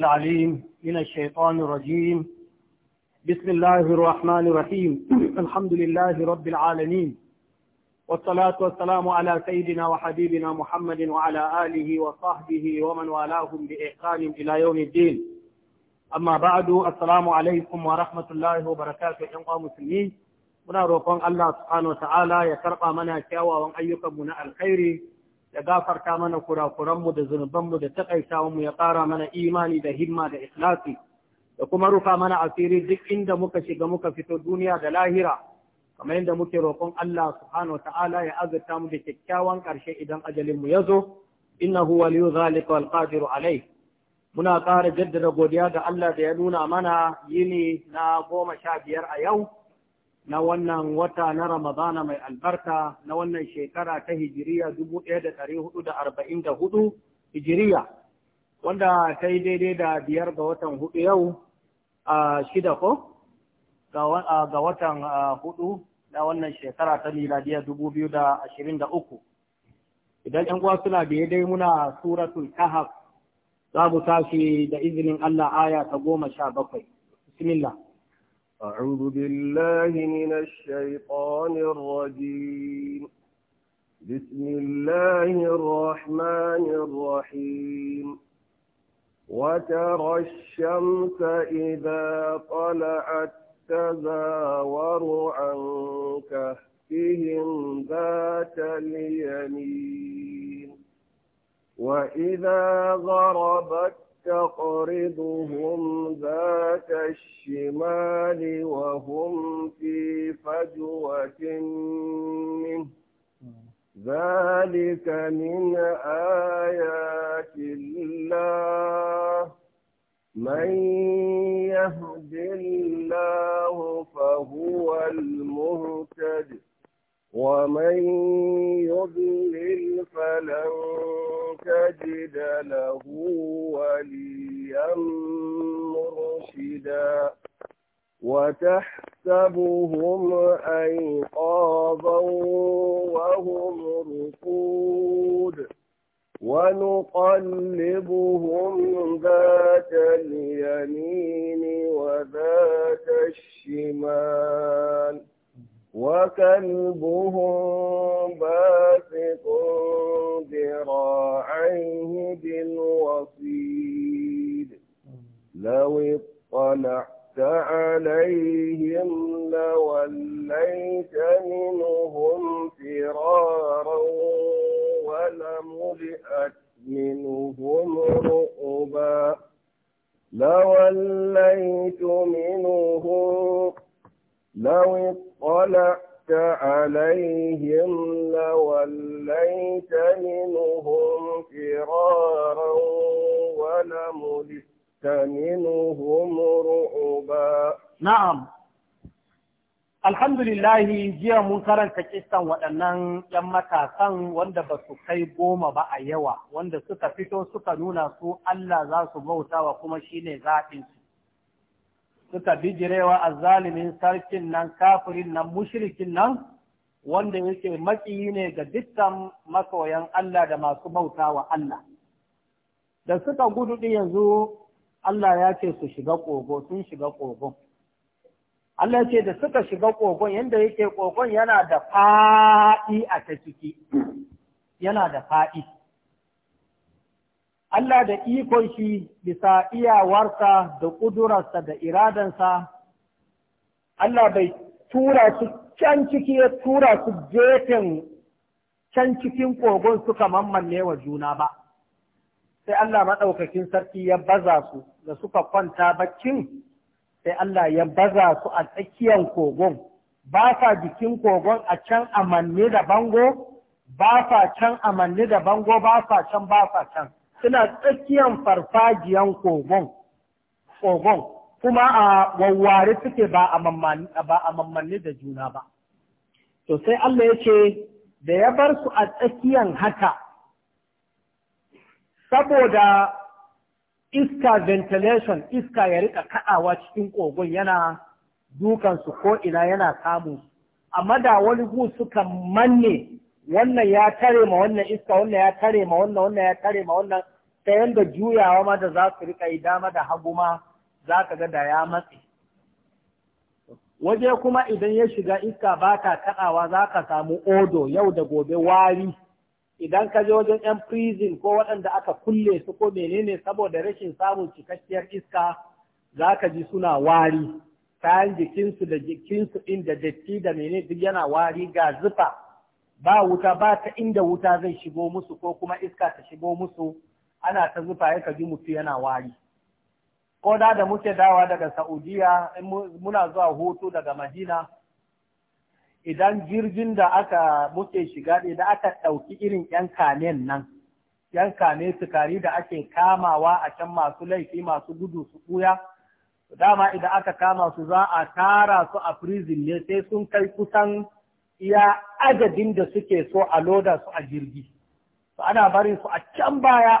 العليم من الشيطان الرجيم بسم الله الرحمن الرحيم الحمد لله رب العالمين والصلاة والسلام على سيدنا وحبيبنا محمد وعلى آله وصحبه ومن والاهم بإحسان إلى يوم الدين أما بعد السلام عليكم ورحمة الله وبركاته أيها المسلمين muna الله سبحانه وتعالى يترقى منا ya وأن أيكم من الخير ya gafarta mana kurakuranmu da zunubanmu da taƙaitawanmu ya ƙara mana imani da himma da ikhlasi da kuma rufa mana asiri duk inda muka shiga muka fito duniya da lahira kamar yadda muke roƙon Allah subhanahu ta'ala ya azurta mu da kyakkyawan ƙarshe idan ajalinmu ya zo innahu waliyu zalika wal qadiru alayh muna ƙara jaddada godiya ga Allah da ya nuna mana yini na goma sha biyar a yau na wannan wata na Ramadana mai albarka na wannan shekara ta Hijiriya 1444 Hijiriya wanda ta yi daidai da biyar ga watan hudu yau a shida ko ga watan hudu na wannan shekara ta miladiya 2023 idan ‘yan uwa suna da dai muna suratul kahaf za mu tashi da izinin Allah aya ta goma sha bakwai bismillah أعوذ بالله من الشيطان الرجيم بسم الله الرحمن الرحيم وترى الشمس إذا طلعت تزاور عن كهفهم ذات اليمين وإذا غربت تقرضهم ذات الشمال وهم في فجوة منه ذلك من آيات الله من يهد الله فهو المهتد ومن نجد له وليا مرشدا وتحسبهم أيقاظا وهم رقود ونقلبهم ذات اليمين وذات الشمال وكلبهم باسط ذراعيه بالوصيد لو اطلعت عليهم لوليت منهم فرارا ولملئت منهم رؤبا لوليت منهم لو اطلعت عليهم لوليت منهم فرارا ولملئت منهم رعبا نعم Alhamdulillahi jiya mun karanta kisan waɗannan ‘yan matasan wanda ba su kai goma ba a yawa, wanda suka fito suka nuna su Allah za su bauta kuma shi ne zaɓinsu. suka bijirewa zalimin sarkin nan kafirin nan mushirikin nan wanda yake maƙiyi ne ga dukkan masoyan Allah da masu bauta wa Allah da suka gudu ɗin yanzu Allah ya ce su shiga kogo sun shiga kogon Allah ya ce da suka shiga kogon yadda yake kogon yana da faɗi a ta ciki yana da faɗi Allah da ikon shi bisa iyawarsa da ƙudurarsa da iradansa, Allah bai tura su can ciki ya tura su gefen can cikin kogon suka mammanne wa juna ba. Sai Allah maɗaukakin sarki ya baza su da suka kwanta baccin, sai Allah ya baza su a tsakiyar kogon, ba sa jikin kogon a can amanne da bango, ba sa can amanne da bango, ba sa can ba sa can. suna tsakiyan farfajiyan kogon kogon kuma a wawware suke ba a mammanni da juna ba to sai Allah ya ce da ya bar su a tsakiyan haka saboda iska ventilation iska ya rika kaɗawa cikin kogon yana dukansu ko ina yana samu, amma da wani gu suka manne wannan ya tare ma wannan iska wannan ya tare ma wannan wannan ya tare ma wannan ta yanda juyawa ma da za su riƙa yi dama da hagu ma za ka ga da ya matse waje kuma idan ya shiga iska ba ka kaɗawa za ka samu odo yau da gobe wari idan ka je wajen 'yan prison ko waɗanda aka kulle su ko menene saboda rashin samun cikakkiyar iska za ka ji suna wari kayan jikinsu da jikinsu inda datti da mene duk yana wari ga zufa ba wuta ba ta inda wuta zai shigo musu ko kuma iska ta shigo musu ana ta zufa ya kaji mutu yana wari ko da da muke dawa daga Saudiya muna zuwa hutu daga Madina idan jirgin da aka muke shiga da aka ɗauki irin ‘yan nan, ‘yan su sukari da ake kamawa a can masu laifi masu gudu su ɓuya, dama idan aka kama su za a tara su a prison ne sai sun kai kusan iya adadin da suke so a loda su a jirgi. ana barin su a can baya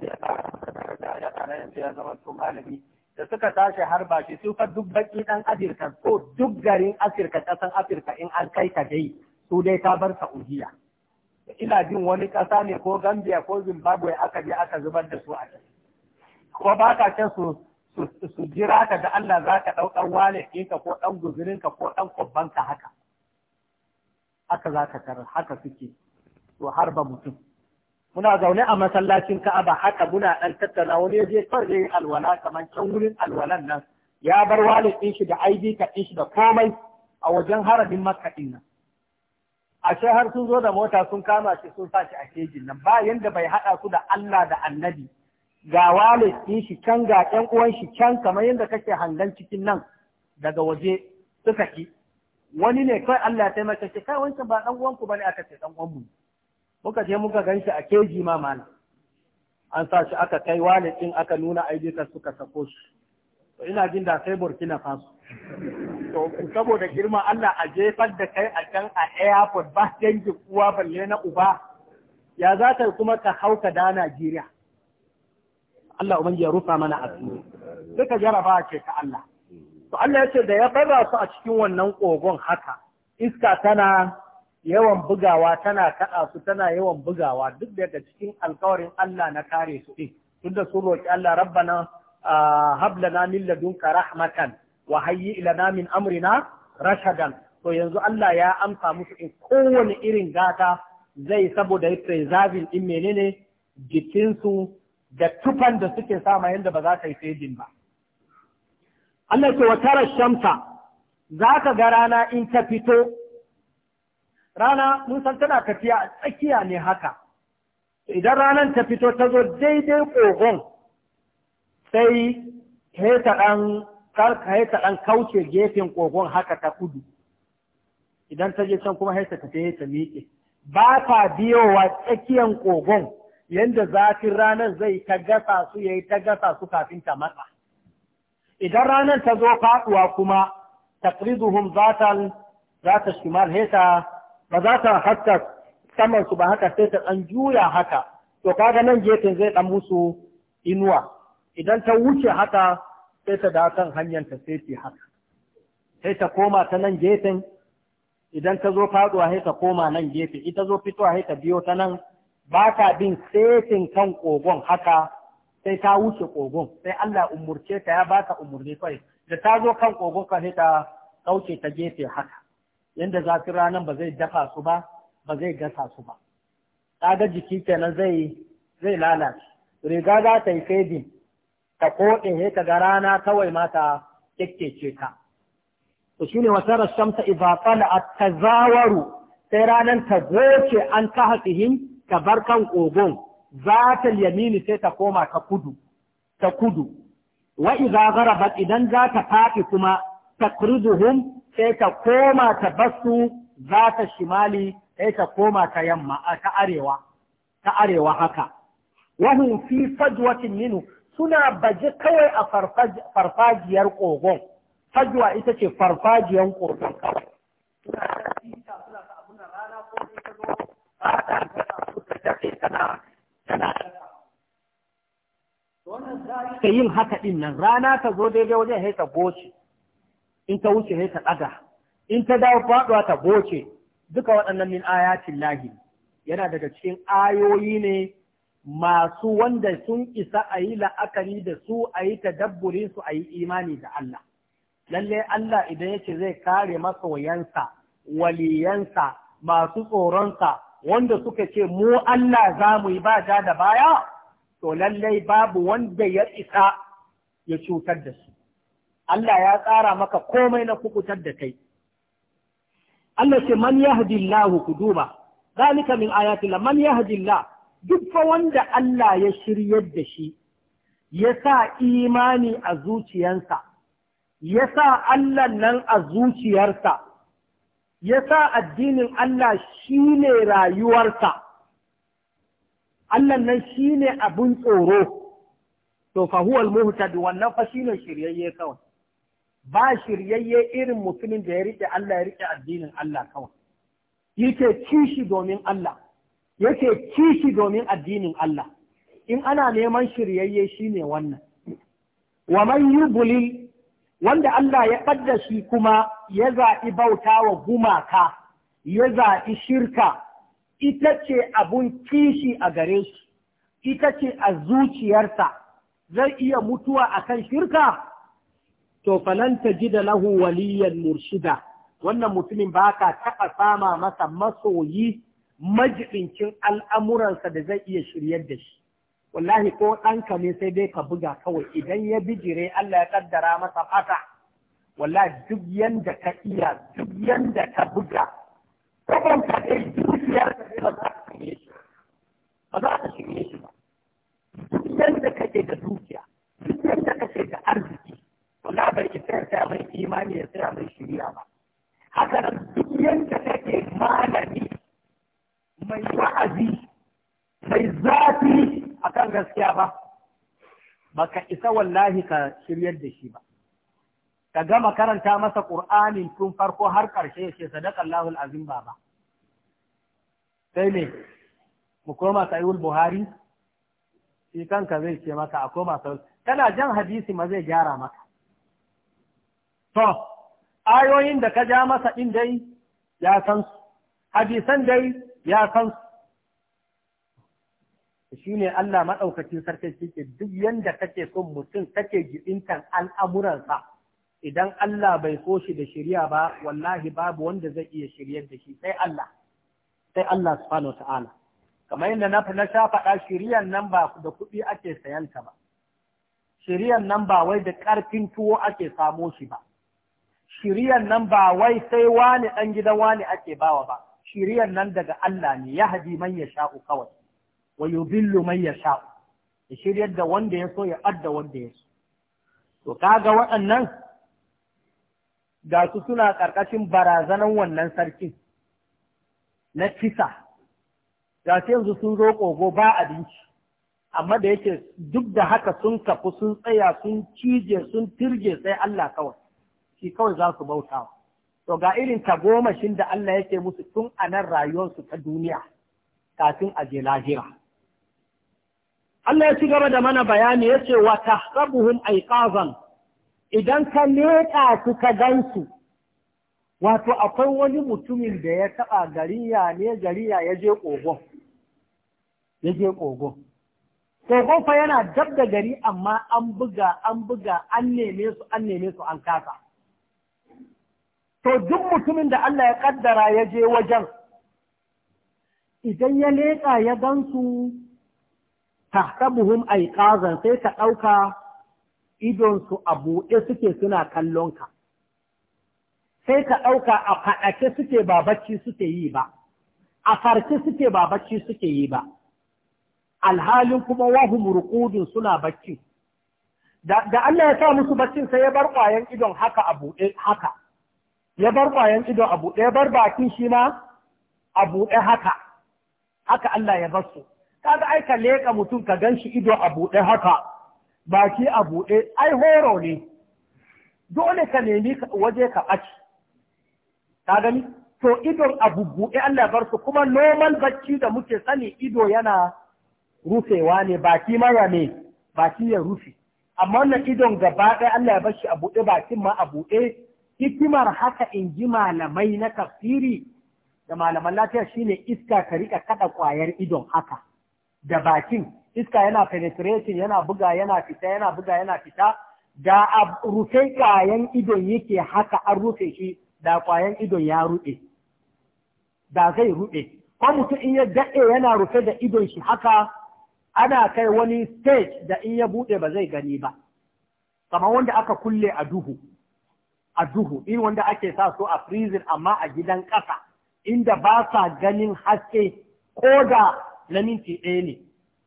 ya fara malami da suka tashi har ba shi su fa duk baki dan Afirka ko duk garin Afirka kasan Afirka in an kai ka dai su dai ta bar Saudiya ina jin wani kasa ne ko Gambia ko Zimbabwe aka je aka zubar da su a can ko ba ka ce su su jira ka da Allah za ka dau dan wale ka ko ɗan ka ko ɗan ka haka haka za ka tar haka suke to har ba mutum muna zaune a masallacin Ka'aba haka muna ɗan tattala wani ya je kawai zai alwala kamar can alwalan nan ya bar walid ɗin shi da ID ka ɗin shi da komai a wajen harabin Makka ɗin nan ashe har sun zo da mota sun kama shi sun sa shi a kejin nan ba yanda bai haɗa su da Allah da Annabi ga walid ɗin shi can ga ƴan uwan shi can kamar yanda kake hangan cikin nan daga waje suka ki wani ne kawai Allah ya taimaka shi kai wancan ba ɗan uwanku bane aka ce ɗan uwanmu ne muka je muka gan shi a keji ma mana an sa shi aka kai walitin aka nuna aibika suka sako shi to ina jin da sai burkina faso to saboda girma Allah a jefar da kai a can a airport ba dangi kuwa balle na uba ya za ka kuma ka hauka da Najeriya Allah ubangi ya rufa mana asiri duka jaraba ce ka Allah to Allah ya ce da ya barra su a cikin wannan kogon haka iska tana yawan bugawa tana kaɗa su tana yawan bugawa duk daga cikin alkawarin Allah na kare su ɗin tun da sun roƙi Allah rabbana hab lana min ladunka rahmatan wa hayyi lana min amrina rashadan to yanzu Allah ya amsa musu in kowane irin gata zai saboda zabin din menene jikinsu da tufan da suke sama yadda ba za ka yi fejin ba Allah ce wa tara shamsa za ka ga rana in ta fito rana mun san tana tafiya a tsakiya ne haka idan ranar ta fito ta zo daidai ƙogon sai haita ɗan kauce gefen ƙogon haka ta kudu idan ta je can kuma haisa ta ta miƙe ba ta biyo wa tsakiyan ƙogon yadda zafin ranar zai ta gasa su ya yi ta gasa su kafin ta matsa idan ranar ta zo faɗuwa kuma takriduhum zatal zata shimal heta ba za ta haska saman ba haka sai ta ɗan juya haka to kaga nan gefen zai ɗan musu inuwa idan ta wuce haka sai ta da kan hanyar ta sai ta haka sai ta koma ta nan gefen idan ta zo faduwa sai ta koma nan gefe ita zo fitowa sai ta biyo ta nan ba ta bin setin kan kogon haka sai ta wuce kogon sai Allah umurce ta ya ba ta umurni kai da ta zo kan kogon ka sai ta kauce ta gefe haka Yadda zafin ranar ba zai dafa su ba ba zai gasa su ba kaga jiki kenan zai zai lalace riga za ta yi fedin ta koɗe he ga rana kawai ma ta ka to shine wata rasamta idza a tazawaru sai ranar ta goce an ta hatihin ta bar kan kogon za ta yamini sai ta koma ta kudu ta kudu wa idza gharabat idan za ta faɗi kuma takriduhum sai ta koma ta basu za ta shimali sai ta koma ta yamma ta arewa ta arewa haka Wahun fi fajwatin minu suna baje kawai a farfajiyar kogon fajwa ita ce farfajiyar kogon kawai ta sai yin haka ɗin nan rana ta zo daidai wajen haika ta goce in ta wuce ne ta ɗaga in ta dawo faɗuwa ta boce duka waɗannan min ayatin lahi yana daga cikin ayoyi ne masu wanda sun isa a yi la'akari da su a yi tadabburin su a yi imani da Allah Lallai Allah idan yake zai kare masoyansa waliyansa masu tsoronsa wanda suka ce mu Allah za mu yi ba da baya to lallai babu wanda ya isa ya cutar da su Allah ya tsara maka komai na kukutar da kai Allah ce man yahdillahu ku duba zalika min ayatillah man yahdillah duk fa wanda Allah ya shiryar da shi ya sa imani a zuciyansa ya sa Allah nan a zuciyarsa ya sa addinin Allah ne rayuwarsa Allah nan shine abin tsoro to fa huwa al wannan fa ne shiryayye kawai ba shiryayye irin mutumin da ya riƙe Allah ya riƙe addinin Allah kawai yake kishi domin Allah yake kishi domin addinin Allah in ana neman shiryayye shine wannan wa man yubli wanda Allah ya ɓadda shi kuma ya zaɓi bauta wa gumaka ya zaɓi shirka ita ce abun kishi a gare shi ita ce a zuciyarsa zai iya mutuwa akan shirka to falan da lahu waliyan murshida wannan mutumin ba ka taɓa sama masa masoyi majibincin al'amuransa da zai iya shiryar da shi wallahi ko ɗanka ne sai dai ka buga kawai idan ya bijire Allah ya ƙaddara masa fata wallahi duk yanda ka iya duk yanda ka buga kaban ka dai dukiyar ka ba za ka shirye shi ba duk yanda kake da dukiya duk yanda kake da arziki kula bai isa ya tsaya mai imani ya tsaya mai shiriya ba haka nan duk yanda kake malami mai wa'azi mai zafi akan gaskiya ba baka isa wallahi ka shiryar da shi ba ka gama karanta masa ƙur'anin tun farko har karshe ya ce sadaqallahu alazim ba. sai ne mu koma sahihul buhari shi kanka zai ce maka a koma sau kana jan hadisi ma zai gyara maka To, ayoyin da ka ja masa ɗin dai ya san su, hadisan dai ya san su. Shi ne Allah maɗaukacin sarkin cike duk yanda kake son mutum kake jibintan al'amuransa, idan Allah bai so da shirya ba, wallahi babu wanda zai iya shiryar da shi sai Allah, sai Allah subhanahu ta'ala. Kamar yadda na na sha faɗa shiryan nan ba da kuɗi ake sayanta ba, shiryan nan ba wai da ƙarfin tuwo ake samo shi ba. shiriyan nan ba wai sai wani ɗan gidan wani ake bawa ba, shiriyan nan daga Allah ne ya haɗi man ya sha'u kawai, wa Billu man ya sha'u, ya shiryar da wanda ya so ya ɓadda wanda ya so. To, kaga waɗannan ga su suna ƙarƙashin barazanan wannan sarkin na kisa, ga su yanzu sun zo ƙogo ba abinci, amma da yake duk da haka sun kafu sun tsaya sun cije sun tirje sai Allah kawai. shi kawai za su bauta to ga irin tagomashin da Allah yake musu tun a nan rayuwarsu ta duniya kafin a je lahira Allah ya ci gaba da mana bayani ya ce wa tahsabuhum aiqazan idan ka leƙa su ka gansu wato akwai wani mutumin da ya taɓa gariya ne gariya ya je ƙogon ya je ƙogon ƙogon fa yana dab da gari amma an buga an buga an neme su an neme su an kasa to duk mutumin da Allah ya kaddara ya je wajen idan ya leƙa ya gansu tahtabuhum aiqazan sai ka ɗauka idonsu a buɗe suke suna kallonka sai ka ɗauka a faɗake suke ba suke yi ba a farke suke ba suke yi ba alhalin kuma wahum ruqudun suna bacci da Allah ya sa musu baccin sai ya bar ƙwayan idon haka a buɗe haka ya bar ƙwayan ido a buɗe ya bar bakin shi ma a buɗe haka haka Allah ya bar su kaga ai ka leƙa mutum ka gan shi ido a buɗe haka baki a buɗe ai horo ne dole ka nemi waje ka ɓaci ka gani to idon a buɗe Allah ya bar su kuma normal bacci da muke sani ido yana rufewa ne baki mara ne baki ya rufe amma wannan idon gaba ɗaya Allah ya bar shi a buɗe bakin ma a buɗe hikimar haka in ji malamai na tafsiri da malaman lafiya shine iska ka rika kada kwayar idon haka da bakin iska yana penetrating yana buga yana fita yana buga yana fita da a rufe kayan idon yake haka an rufe shi da kwayan idon ya ruɗe da zai ruɗe ko mutum in ya daɗe yana rufe da idon shi haka ana kai wani stage da in ya buɗe ba zai gani ba kamar wanda aka kulle a duhu a duhu irin wanda ake sa su a freezer amma a gidan ƙasa inda ba sa ganin haske ko da na minti ɗaya ne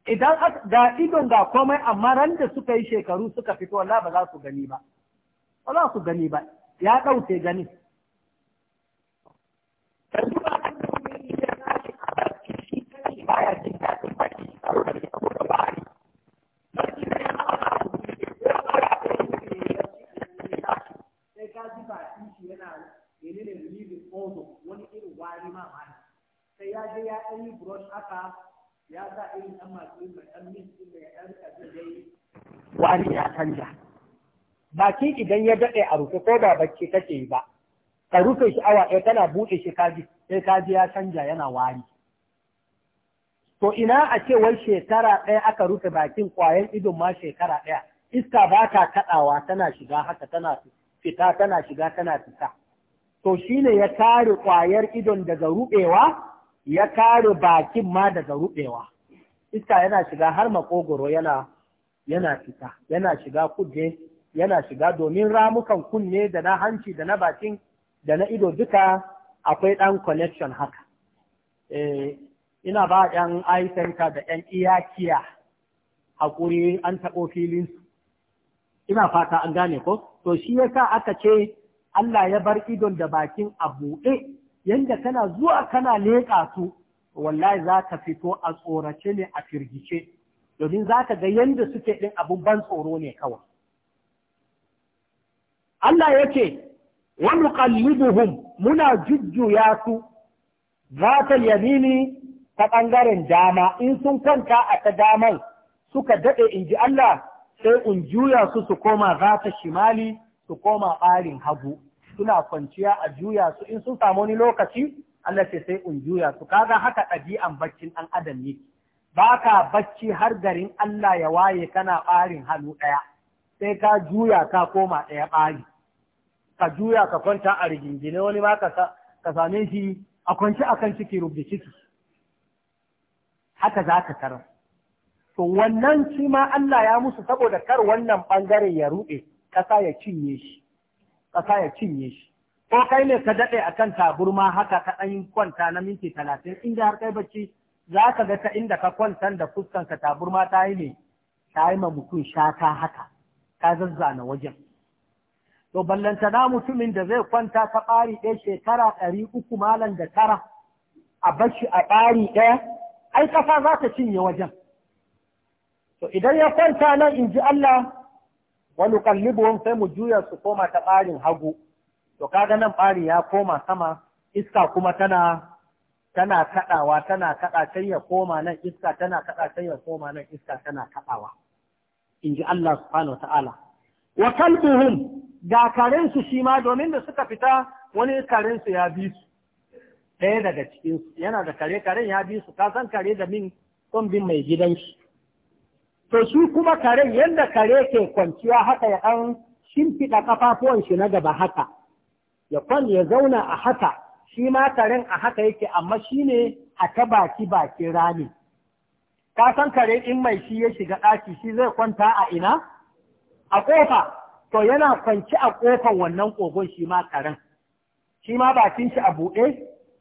idan ga idon ga komai amma ran da suka yi shekaru suka fito wala ba za su gani ba ba za su gani ba ya ɗauke gani baya jin daɗin baki a ozo wani irin wari ma mana sai ya je ya ɗan yi brush haka ya sa irin ɗan masu mai ɗan min ɗin da ya ɗan rika zai yi. wari ya canja baki idan ya daɗe a rufe ko da bacci kake yi ba ka rufe shi awa ɗaya tana buɗe shi kaji sai kaji ya canja yana wari to ina a ce wai shekara ɗaya aka rufe bakin ƙwayan idon ma shekara ɗaya iska ba ta kaɗawa tana shiga haka tana fita tana shiga tana fita to shi ne ya kare ƙwayar idon daga ruɓewa ya kare bakin ma daga ruɓewa iska yana shiga har makogoro yana yana fita yana shiga kudde yana shiga domin ramukan kunne da na hanci da na bakin da na ido duka akwai ɗan connection haka eh, ina ba ɗan center da 'yan iyakiya haƙuri an taɓo filinsu ina fata an gane ko to shi yasa aka ce Allah ya bar idon da bakin a buɗe yadda kana zuwa kana leƙa su wallahi za ka fito a tsorace ne a firgice domin za ka ga yadda suke ɗin abin ban tsoro ne kawai Allah ya ce wa nuqallibuhum muna jujjuya su ta yamini ta ɓangaren dama in sun kwanta a ta daman suka daɗe in ji Allah sai in juya su su koma za ta shimali su koma ɓarin hagu suna kwanciya a juya su in sun samu wani lokaci Allah ce sai in juya su kaga haka ɗabi'an baccin ɗan adam ne ba ka bacci har garin Allah ya waye kana ɓarin hannu ɗaya sai ka juya ka koma ɗaya ɓari ka juya ka kwanta a rigingine wani ma ka same shi a kwanci kan ciki rubda ciki haka za ka tarar to wannan shi ma Allah ya musu saboda kar wannan ɓangare ya ruɗe ƙasa ya cinye shi ƙasa ya cinye shi ko kai ne ka daɗe a kan taburma haka ka ɗan kwanta na minti talatin inda har kai bacci za ka ga ta inda ka kwanta da fuskanka taburma ta yi ne ta yi ma mutum ta haka ta zazzana wajen to ballanta na mutumin da zai kwanta ta ɓari ɗaya shekara ɗari uku malam da tara a bashi a ɓari ɗaya ai ƙasa za ta cinye wajen to idan ya kwanta nan in ji Allah wani kallibuwan sai mu juya su koma ta ɓarin hagu to kaga nan ɓari ya koma sama iska kuma tana tana kaɗawa tana kaɗa can ya koma nan iska tana kaɗa can ya koma nan iska tana kaɗawa in ji Allah subhanahu ta'ala wa kalbuhum ga karensu shi ma domin da suka fita wani karensu ya bi su ɗaya daga cikinsu yana da kare karen ya bi su ka san kare da min son bin mai gidanshi to shi kuma karen yadda kare ke kwanciya haka ya ɗan shimfiɗa ƙafafuwan shi na gaba haka ya kwan ya zauna a haka shi ma karen a haka yake amma shi ne a ta baki bakin rami ka san kare in mai shi ya shiga ɗaki shi zai kwanta a ina a ƙofa to yana kwanci a ƙofan wannan ƙogon shi ma karen shi ma bakin shi a buɗe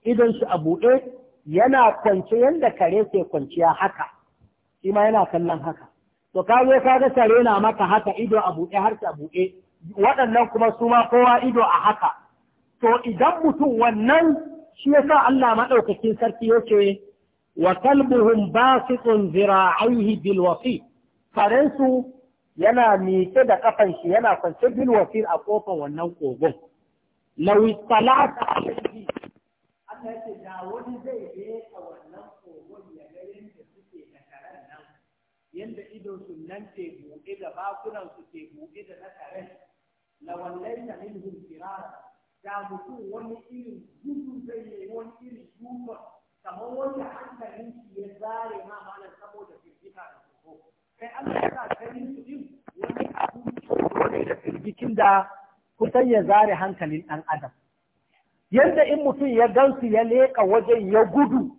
idon shi a buɗe yana kwance yadda kare ke kwanciya haka shi ma yana kallon haka to ka zo ka ga tare na maka haka ido a buɗe har a buɗe waɗannan kuma su ma kowa ido a haka to idan mutum wannan shi yasa Allah maɗaukakin sarki yake wa kalbuhum basitun zira'aihi bil wasi farensu yana mike da kafan shi yana kwance bilwafi a ƙofar wannan kogon law talata alaihi Allah yake da wani zai je a wannan kogon ya ga yanda suke da karan nan yanda idon su nan ke buɗe da bakunan su ke buɗe da nakaren la wallai na minhum firara da mutum wani irin gudu zai yi wani irin duba kamar wanda hankalin shi ya zare ma malam saboda firgita da tsoro sai an sa ganin su din wani abu ne da firgitin da kusan ya zare hankalin ɗan adam yadda in mutum ya gansu ya leƙa wajen ya gudu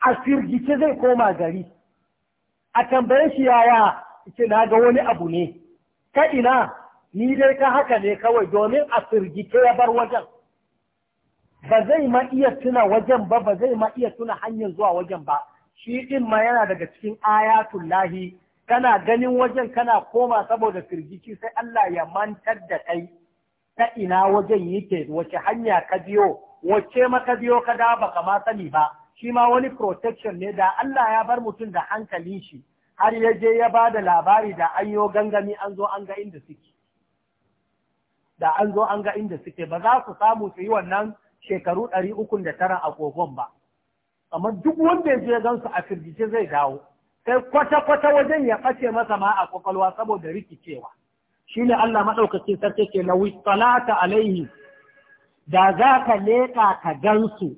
a firgice zai koma gari a tambaye shi yaya ce na ga wani abu ne ka ina ni dai ka haka ne kawai domin a firgice ya bar wajen ba zai ma iya tuna wajen ba ba zai ma iya tuna hanyar zuwa wajen ba shi din ma yana daga cikin ayatul lahi kana ganin wajen kana koma saboda firgici sai Allah ya mantar da kai ta ina wajen yake wace hanya ka biyo wace maka biyo ka da ba kama sani ba shi ma wani protection ne da Allah ya bar mutum da hankali shi har ya je ya ba da labari da an yo gangami an zo an ga inda suke da an zo an ga inda suke ba za su samu su yi wannan shekaru ɗari ukun da tara a kogon ba amma duk wanda ya je gansu a firgice zai dawo sai kwata-kwata wajen ya ɓace masa ma a kwakwalwa saboda rikicewa shi ne Allah maɗaukacin sarki ke na wistalata alaihi da za ka leƙa ka gansu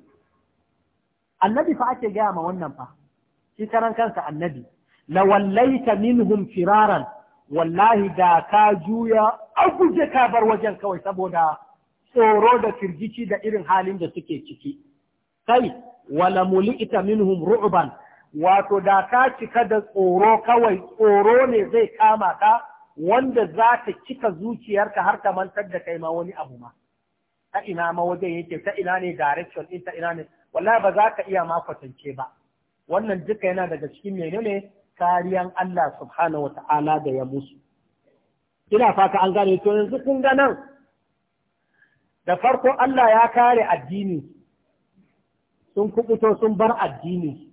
annabi fa ake gaya ma wannan fa shi karan kansa annabi lawallaita minhum firaran wallahi da ka juya a ka bar wajen kawai saboda tsoro da firgici da irin halin da suke ciki kai wala mulita minhum ru'ban wato da ka cika da tsoro kawai tsoro ne zai kama ka wanda za ta cika zuciyarka har ta mantar da kai ma wani abu ma ta ina ma wajen yake ta ina ne direction ta ina ne wallahi ba za ka iya ma kwatance ba wannan duka yana daga cikin menene kariyan Allah subhanahu wata'ala da ya musu ina fata an gane to yanzu kun ga nan da farko Allah ya kare addini sun kubuto sun bar addini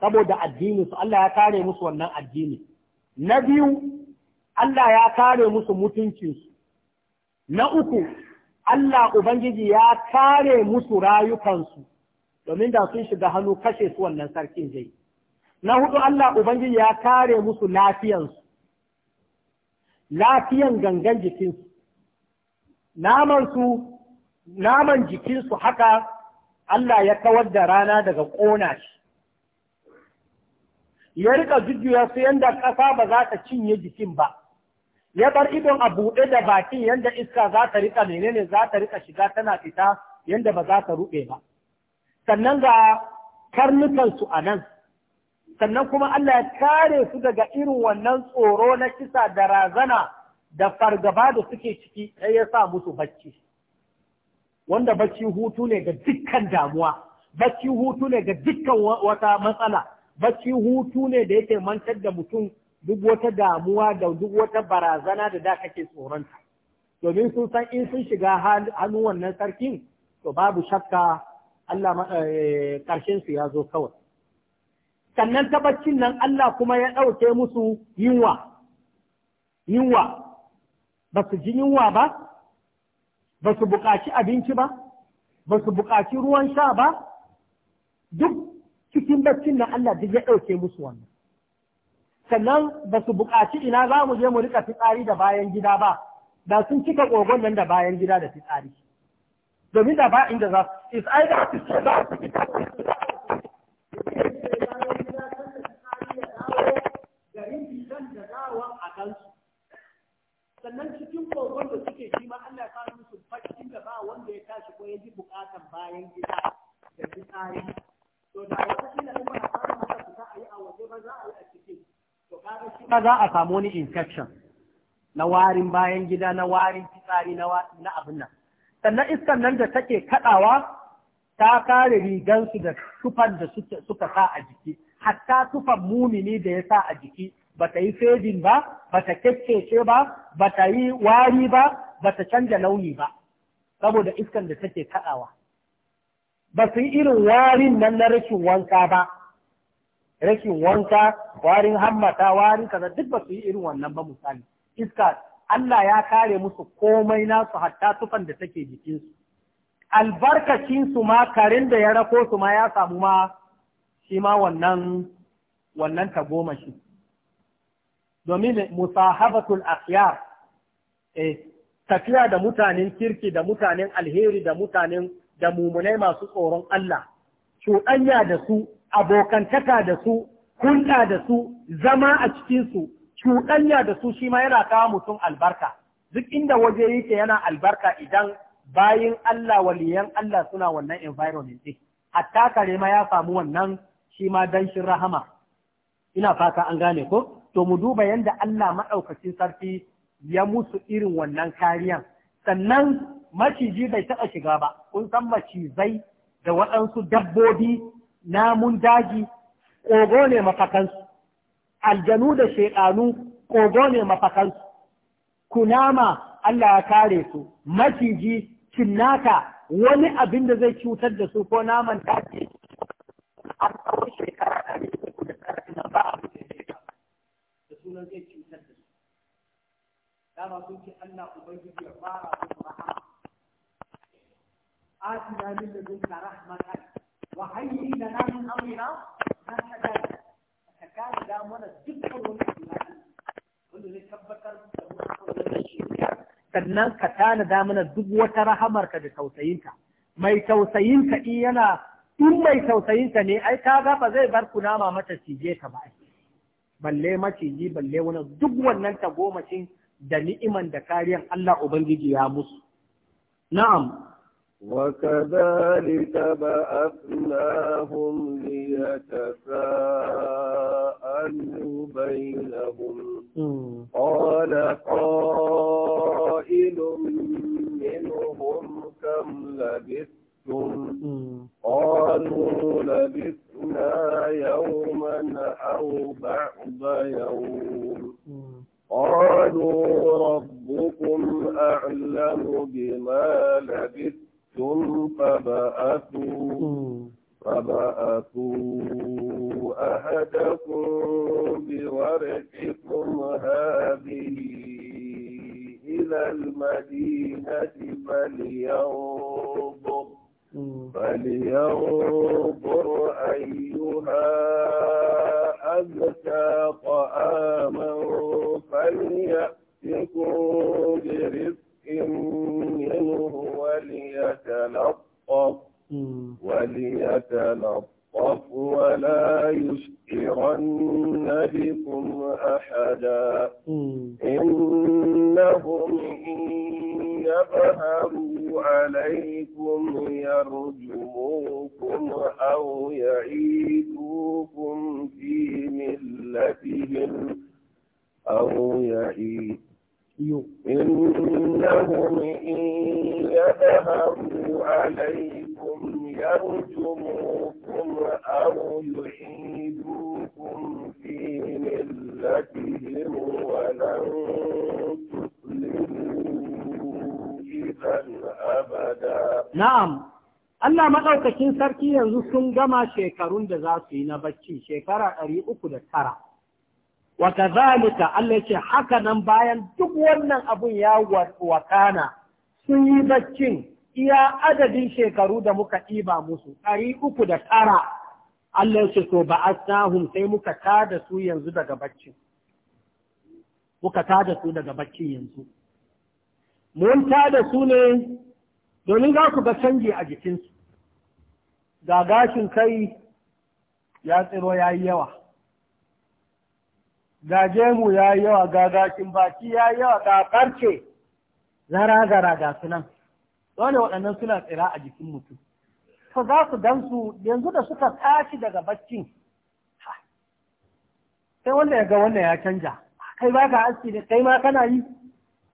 saboda addini su Allah ya kare musu wannan addini na biyu Allah ya kare musu mutuncinsu na uku Allah Ubangiji ya kare musu rayukansu domin da sun shiga hannu kashe su wannan sarkin zai na hudu Allah ubangiji ya kare musu lafiyansu lafiyan gangan jikinsu naman jikinsu haka Allah ya kawar da rana daga ƙona shi ya riƙa jujjuya su yanda ƙasa ba za ta cinye jikin ba ya bar idon a buɗe da bakin yadda iska za ta rika menene za ta rika shiga tana fita yadda ba za ta ruɓe ba sannan ga karnukansu a nan sannan kuma Allah ya kare su daga irin wannan tsoro na kisa da razana da fargaba da suke ciki sai ya sa musu bacci wanda bacci hutu ne ga dukkan damuwa bacci hutu ne ga dukkan wata matsala bacci hutu ne da yake mantar da mutum duk wata damuwa da duk wata barazana da da kake tsoronta domin sun san in sun shiga hannu wannan sarkin to babu shakka Allah ƙarshen eh, su ya zo kawai sannan ta baccin nan Allah kuma ya ɗauke musu yunwa yunwa ba su ji yunwa ba ba su buƙaci abinci ba ba su buƙaci ruwan sha ba duk cikin baccin nan Allah duk ya ɗauke musu wannan sannan ba su buƙaci ina za mu je mu rika fitsari da bayan gida ba da sun cika ƙogon nan da bayan gida da fitsari domin da ba inda za su is either to say that sannan cikin kogon da suke shi ma Allah ya fara musu bakin da ba wanda ya tashi ko ya ji bukatan bayan gida da fitsari to da wata kila in ba a fara masa fita a yi a waje ba za a yi a cikin to kaga shi ma za a samu wani infection na warin bayan gida na warin fitsari na abin nan sannan iskan nan da take kaɗawa ta kare rigansu da tufan da suka sa a jiki hatta tufan mumini da ya sa a jiki ba ta yi fedin ba ba ta ba ba ta yi wari ba ba ta canja launi ba saboda iskan da take kaɗawa ba su yi irin warin nan na rashin wanka ba rashin wanka warin hammata warin kaza duk ba su yi irin wannan ba misali iska Allah ya kare musu komai nasu hatta tufan da take jikinsu. Albarkacinsu ma karin da ya rako su ma ya samu ma shi ma wannan wannan tagomashi. Domin musahabatul akhyar eh tafiya da mutanen kirki da mutanen alheri da mutanen da mumunai masu tsoron Allah, cuɗanya da su, abokantaka da su, hulɗa da su, zama a cikinsu, cuɗanya da su shi ma yana kawo mutum albarka duk inda waje yake yana albarka idan bayin Allah waliyan Allah suna wannan environment ɗin hatta kare ma ya samu wannan shi ma danshin rahama ina fata an gane ko to mu duba yadda Allah maɗaukacin sarki ya musu irin wannan kariyan sannan maciji bai taɓa shiga ba kun san macizai da waɗansu dabbobi namun daji ƙogo ne mafakansu aljanu da shekanu kogo ne mafakansu kunama Allah ya kare su maciji cinnaka wani abin da zai cutar da su ko naman daji. an kawo shekara ne su da karfi na ba abu da ya da sunan zai cutar da su dama sun ce Allah ubangiji ya fara su rahama آتنا wa hanyoyi da وهيئ لنا من na shagari. ka mana dukkan wani wanda zai tabbatar da sannan ka tanada mana duk wata rahamar ka da tausayinka mai tausayinka in yana in mai tausayinka ne ai ka ga ba zai bar kunama mata cije ka ba balle maciji balle wani duk wannan tagomashin da ni'iman da kariyan Allah Ubangiji ya musu na'am وكذلك بأثناهم ليتساءلوا بينهم قال قائل منهم كم لبثتم قالوا لبثنا يوما أو بعد yanzu sun gama shekarun da za su yi na bacci shekara ɗari uku da tara. Wata zalika Allah ce haka nan bayan duk wannan abun ya wakana sun yi baccin iya adadin shekaru da muka ɗiba musu ɗari uku da tara. Allah ce to ba asnahum sai muka tada su yanzu daga baccin. Muka tada su daga baccin yanzu. Mun tada su ne domin za ku ga canji a jikinsu. ga gashin kai ya tsiro ya yi yawa ga jemu ya yi yawa ga gashin baki ya yi yawa ga ce. zara-zara ga sunan dole waɗannan suna tsira a jikin mutum to za su dan su yanzu da suka tashi daga baccin sai wanda ya ga wannan ya canja kai ba ka aski ne kai ma kana yi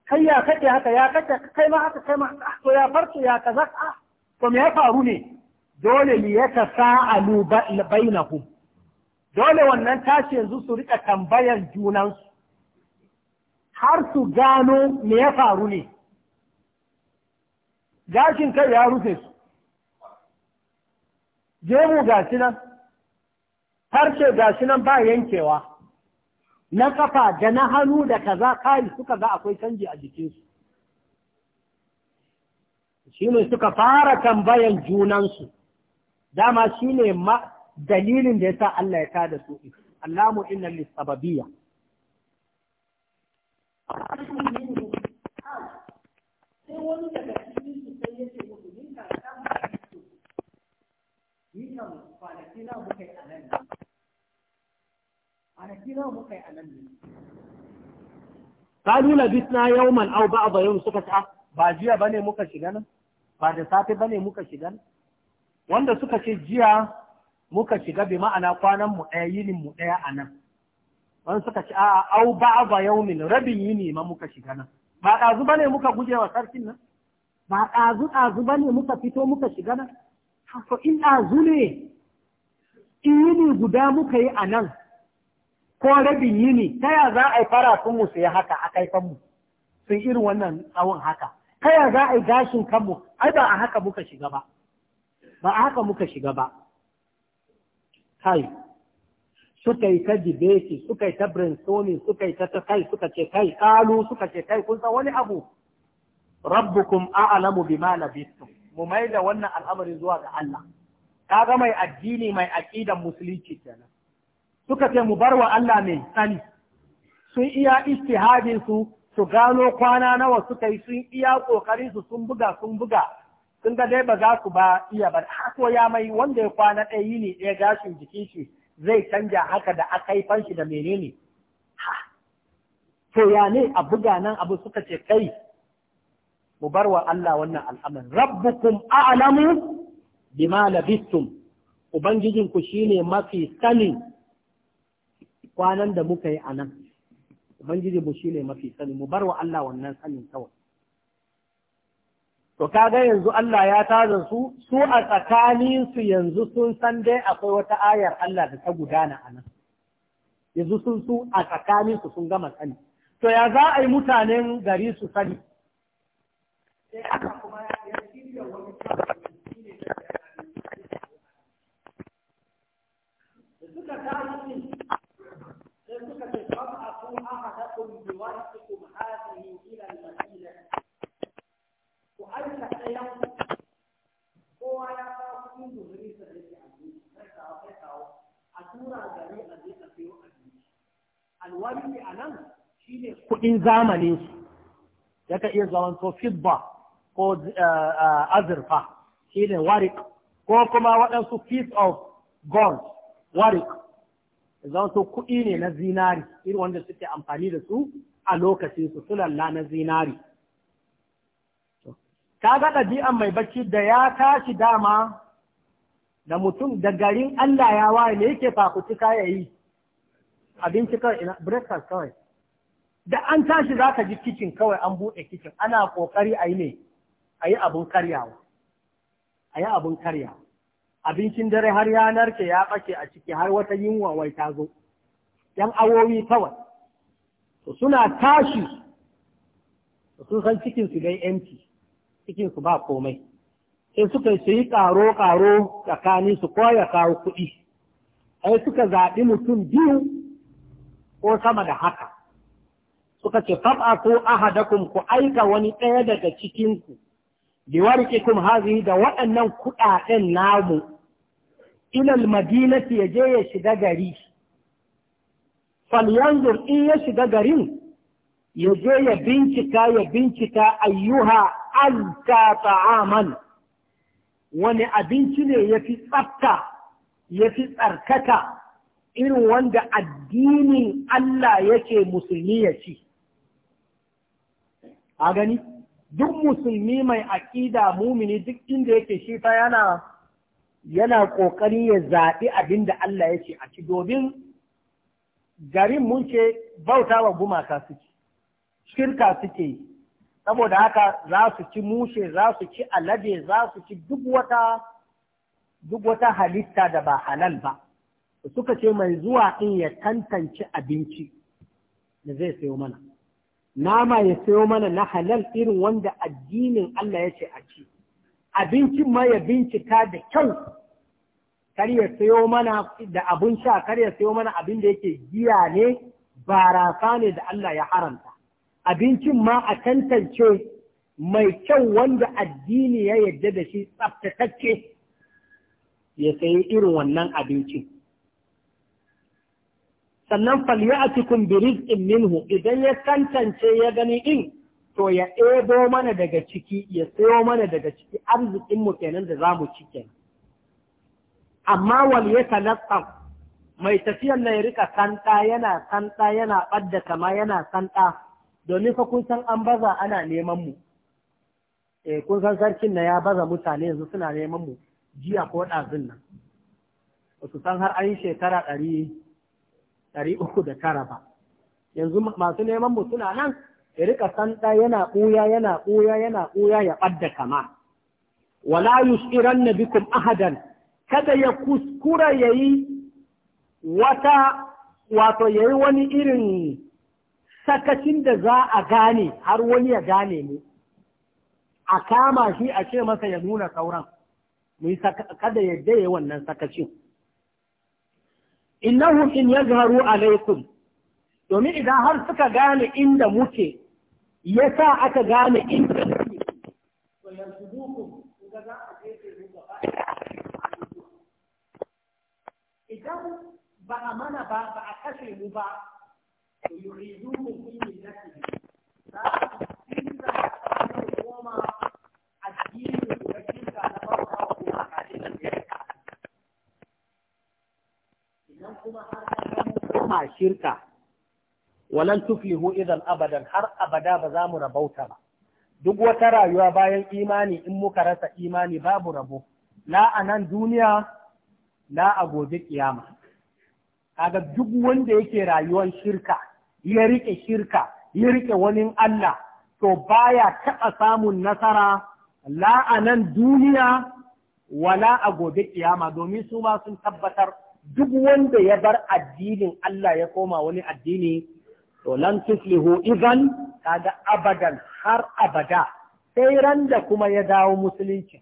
kai ya kake haka ya kake kai ma haka kai ma ah, to ya farce ya kaza ah, to me ya faru ne dole li ya ta sa'alu bainahum dole wannan tashi yanzu su rika tambayar junansu har su gano me ya faru ne gashin kai ya rufe su Jemu gashi nan harshe gashi nan ba yankewa na kafa da na hannu da kaza kai suka ga akwai canji a jikinsu shi ne suka fara tambayan junansu dama shine ma dalilin da yasa Allah ya tada su Allahu inna lisababiyya sai wani daga cikin su sai ya ce ka ta shi muka yi anan ne kwanaki na muka ne kalu labisna yawman suka ta ah, ba jiya muka shiga nan ba da safe bane muka shiga nan wanda suka ce jiya muka shiga bi ma'ana kwanan mu ɗaya yinin mu ɗaya a nan wani suka ce a'a au ba'a yaumin rabin yini ma muka shiga nan ba ɗazu bane muka guje wa sarkin nan ba ɗazu ɗazu bane muka fito muka shiga nan to in ɗazu ne in yini guda muka yi a nan ko rabin yini ta ya za a yi farafin mu su yi haka a kaifan mu su irin wannan tsawon haka ta ya za a yi gashin kanmu ai ba a haka muka shiga ba ba haka muka shiga ba kai suka yi ta dibeti suka yi ta brainstorming suka yi ta kai suka ce kai kalu suka ce kai kun san wani abu rabbukum a'lamu bima labistum mu mai da wannan al'amari zuwa ga Allah ga mai addini mai aƙidan musulunci kenan suka ce mu bar wa Allah mai tsani sun iya istihadin su su gano kwana nawa suka yi sun iya kokarin su sun buga sun buga sun ga dai ba za su ba iya ba hako ya mai wanda ya kwana ɗaya yini ɗaya gashin jikin shi zai canja haka da aka yi fanshi da menene to ya ne a buga nan abu suka ce kai mu bar wa Allah wannan al'amarin rabbukum a'lamu bima labistum ubangijinku shine mafi sanin kwanan da muka yi a nan ubangijinmu shine mafi sanin mu bar wa Allah wannan sanin kawai to kaga yanzu Allah ya tazan su su a tsakanin su yanzu sun san dai akwai wata ayar Allah da ta gudana a nan yanzu sun su a tsakanin su sun gama sani to ya za a yi mutanen gari su sani suka tashi sai suka ce ba a kun aka haɗin biwa su kuma hasi ila ya a alwari a nan shi ne kuɗin zamanin su yaka iya zaman to fidda ko eh, eh, azurfa shi ne warik ko kuma waɗansu piece of gold warik zaman to kuɗi ne na zinari irin wanda suke amfani da su a lokacin su sulalla na zinari ka ga ɗabi'an mai bacci da ya tashi dama da mutum da garin Allah ya waye ne yake fafutuka ya yi abinci kawai ina breakfast kawai da an tashi za ka ji kicin kawai an buɗe kicin ana ƙoƙari a yi ne a yi abin karyawa a yi abin karyawa abincin dare har yanar ke ya ɓace a ciki har wata yunwa wai ta zo ‘yan awowi kawai suna tashi sun san cikinsu dai empty cikin su ba komai sai suka su yi karo karo tsakanin su ko ya kawo kuɗi ai suka zaɓi mutum biyu ko sama da haka suka ce faɓa ko ahadakum ku aika wani ɗaya daga cikin ku bi warkikum da waɗannan kuɗaɗen namu ilal madinati ya je ya shiga gari falwanzur in ya shiga garin ya je ya bincika ya bincika ayyuha azka ta'aman wani abinci ne ya fi tsafta ya fi tsarkaka irin wanda addinin Allah yake musulmi ya ci. A gani, duk musulmi mai aƙida mumini duk inda yake shi ta yana yana ƙoƙari ya zaɓi abin da Allah ya ce a ci domin garin mun ce bauta wa gumaka suke, shirka suke saboda haka za su ci mushe za su ci alade za su ci duk wata halitta da ba halal ba suka ce mai zuwa in ya tantance abinci da zai sayo mana nama ya sayo mana na halal irin wanda addinin Allah ya ce a ci abincin ma ya bincika da kyau kar ya sayo mana da abun sha kar ya sayo mana abin da yake giya ne barasa ne da Allah ya haramta abincin ma a tantance mai kyau wanda addini ya yarda da shi tsaftatacce ya sayi irin wannan abincin. Sannan falyatikum bi rizqin minhu idan ya tantance ya gani in to ya ɗebo mana daga ciki ya sayo mana daga ciki arzikinmu mu kenan da zamu ci kenan. Amma wal yatalaqqaf mai tafiyan na ya rika santa yana santa yana ɓadda kama yana santa domin fa kun san an baza ana neman mu eh kun san sarkin na ya baza mutane yanzu suna neman mu jiya ko ɗazin nan ba su san har an shekara ɗari uku da tara ba yanzu masu neman mu suna nan ya rika san ɗa yana ɓuya yana ɓuya yana ɓuya ya ɓadda kama wala yushiran na bikum ahadan kada ya kuskura ya yi wata wato ya yi wani irin sakacin da za a gane har wani ya gane ni, a kama shi a ce masa ya nuna sauran mu kada ya daya wannan sakacin innahu in yazharu alaikum domin idan har suka gane inda muke yasa aka gane inda muke to yanzu za a idan ba a mana ba ba a kashe mu ba shirka walan tuflihu idan abadan har abada ba za mu rabauta ba duk wata rayuwa bayan imani in muka rasa imani babu rabo la a duniya na a gobe kiyama kaga duk wanda yake rayuwar shirka ya riƙe shirka ya riƙe wani Allah to baya taɓa samun nasara la'anan duniya wala a gobe kiyama domin su ma sun tabbatar duk wanda ya bar addinin Allah ya koma wani addini to lan tuflihu idan kaga abadan har abada sai ran da kuma ya dawo musulunci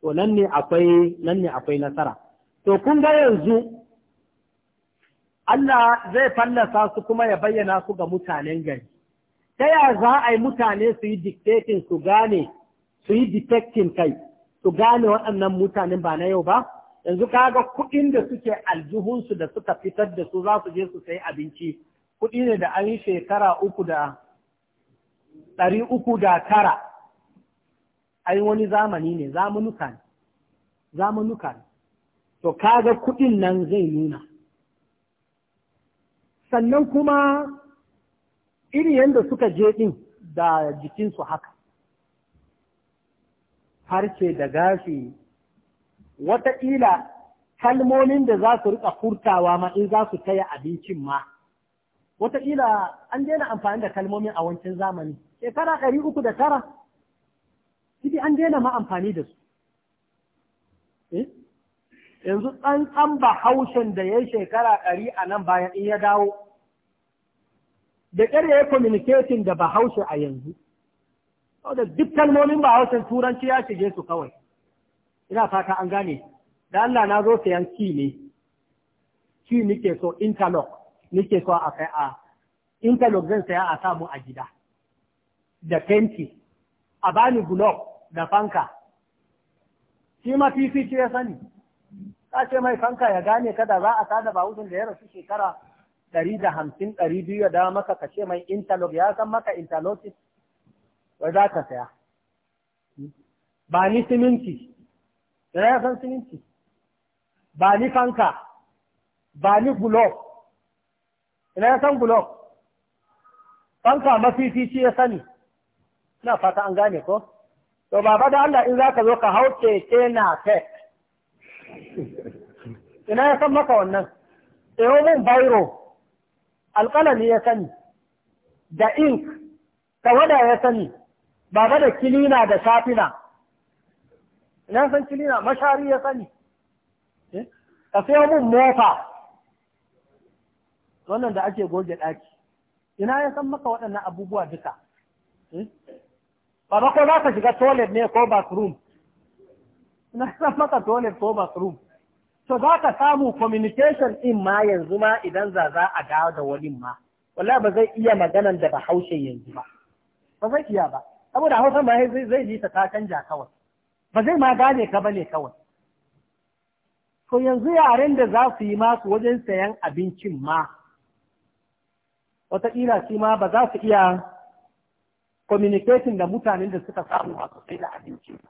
to nan ne akwai nasara to kun ga yanzu Allah zai fallasa su kuma ya bayyana su ga mutanen gari. Ta ya za a yi mutane su yi dictating su gane, su yi detecting kai, su gane waɗannan mutanen ba na yau ba? Yanzu kaga kuɗin da suke aljihunsu da suka fitar da su za su je su sayi abinci, kuɗi ne da an yi shekara uku da ɗari uku da tara. Ai wani zamani ne, zamanuka ne, zamanuka ne. To kaga kuɗin nan zai nuna. sannan kuma iri yadda suka je ɗin da jikinsu haka harce da gashi wataƙila kalmomin da za su rika furtawa ma in za su taya abincin ma wataƙila an daina amfani da kalmomin a wancan zamani shekara ɗari uku da tara Sidi an daina ma amfani da su eh? yanzu tsantsan ba da ya yi shekara ɗari a nan bayan in ya dawo da ƙyar ya communicating da bahaushe a yanzu da duk kalmomin bahaushen turanci ya shige su kawai ina fata an gane da Allah na zo sayan ki ne ki nike so interlock nike so a kai a interlock zan saya a samu a gida da fenti a bani gulob da fanka shi ma fifi ya sani ka ce mai fanka ya gane kada za a tada bahudun da ya rasu shekara ɗari da hamsin ɗari biyu ya dawo maka ka ce mai interlock ya san maka interlock wai za ka saya ba ni siminti da ya san siminti ba ni fanka ba ni gulo ina ya san gulo fanka fici ya sani ina fata an gane ko to ba da Allah in za ka zo ka hau keke na tek ina ya san maka wannan ɗaya mun bairo alƙalami ya sani da ink tawada ya sani baba da kilina da shafina ina san kilina mashari ya sani eh? ka sai mun mota wannan da ake goge ɗaki ina ya san maka waɗannan abubuwa duka eh? baba ko za ka shiga toilet ne ko bathroom na san maka toilet ko bathroom to za ka samu communication in ma yanzu ma idan za za a dawo da wani ma wallahi ba zai iya maganan da bahaushe yanzu ba ba zai iya ba saboda hausa ma zai zai ji ta canja kawai ba zai ma gane ka bane kawai to yanzu yaren da za su yi masu wajen sayan abincin ma wataƙila shi ma ba za su iya communicating da mutanen da suka samu masu sai da abinci ba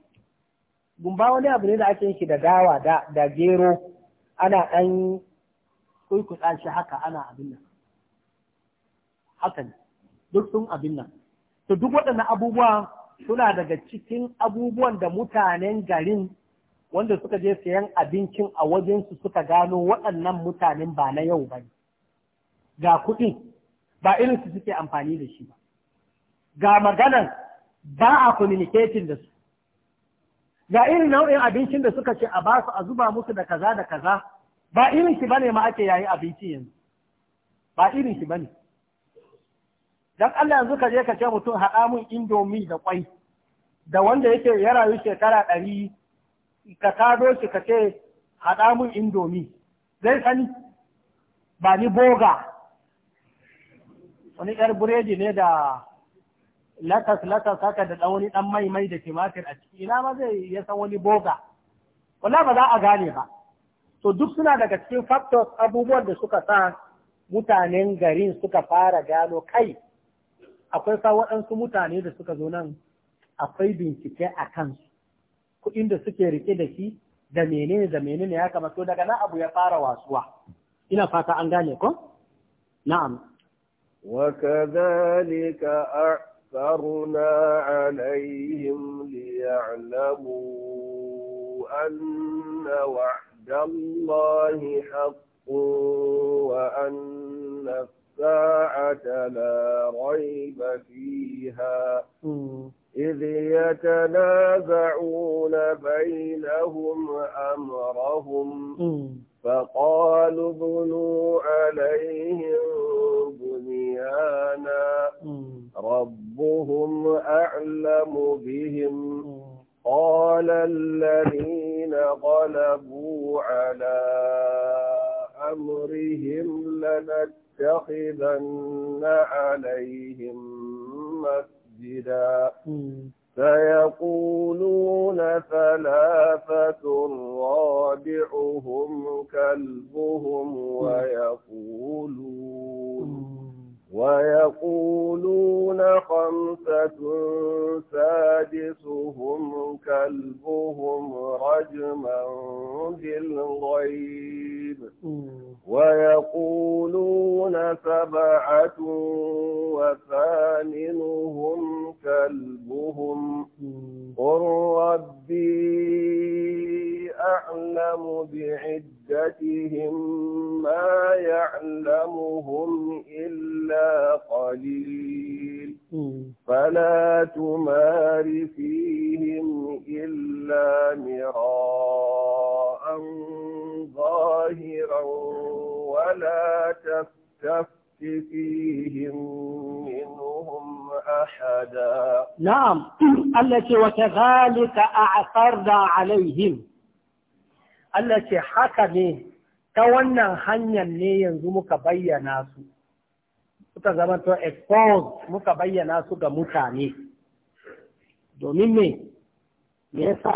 gumba wani abu ne da ake yin shi da dawa da gero ana ɗan kuikuta shi haka ana abin nan haka ne duk sun abin nan to duk waɗannan abubuwa suna daga cikin abubuwan da mutanen garin wanda suka je sayan abincin a wajensu suka gano waɗannan mutanen ba na yau ba ne ga kuɗin ba irin su suke amfani da shi ba ga maganan ba a communicating da su ga irin nau'in abincin da suka ce a ba su a zuba musu da kaza da kaza ba irin shi bane ma ake yayi abinci yanzu ba irin shi bane dan Allah yanzu ka je ka ce mutum haɗa mun indomi da kwai da wanda yake ya rayu shekara ɗari ka kado shi ka ce haɗa mun indomi zai sani ba ni boga wani ƴar buredi ne da lakas lakas haka da wani dan mai mai da timatir a ciki ina ma zai ya san wani boga wala ba za a gane ba to duk suna daga cikin factors abubuwan da suka sa mutanen garin suka fara gano kai akwai sa waɗansu mutane da suka zo nan akwai bincike a kansu kuɗin da suke rike da shi da menene da menene ya kama to daga nan abu ya fara wasuwa ina fata an gane ko na'am wa kadhalika أثرنا عليهم ليعلموا أن وعد الله حق وأن الساعة لا ريب فيها إذ يتنازعون بينهم أمرهم فقالوا بنوا عليهم بنيانا ربهم أعلم بهم قال الذين غلبوا على أمرهم لنتخذن عليهم مسجدا سيقولون ثلاثة رابعهم كلبهم ويقولون ويقولون خمسة سادسهم كلبهم رجما بالغيب ويقولون سبعة وثامنهم كلبهم قل ربي أعلم بعدتهم ما يعلمهم إلا قليل فلا تمار فيهم إلا مراء ظاهرا ولا تفتفت فيهم منهم أحدا نعم التي وكذلك أعثرنا عليهم التي حكمه ta wannan hanyar ne yanzu muka bayyana su suka zama to expose muka bayyana su ga mutane domin me me yasa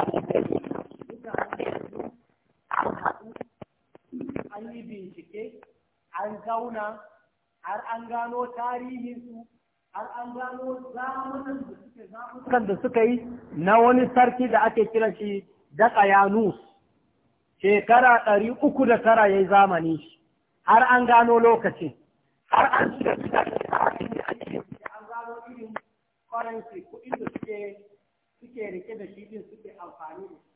an yi bincike an zauna har an gano tarihinsu har an gano zamanin da suka yi na wani sarki da ake kiran shi daga yanus shekara ɗari uku da tara ya yi zamani har an gano lokacin har an shiga gida da ta hakan da ake yi. An gano irin currency kuɗin da suke suke rike da shi din suke amfani da shi.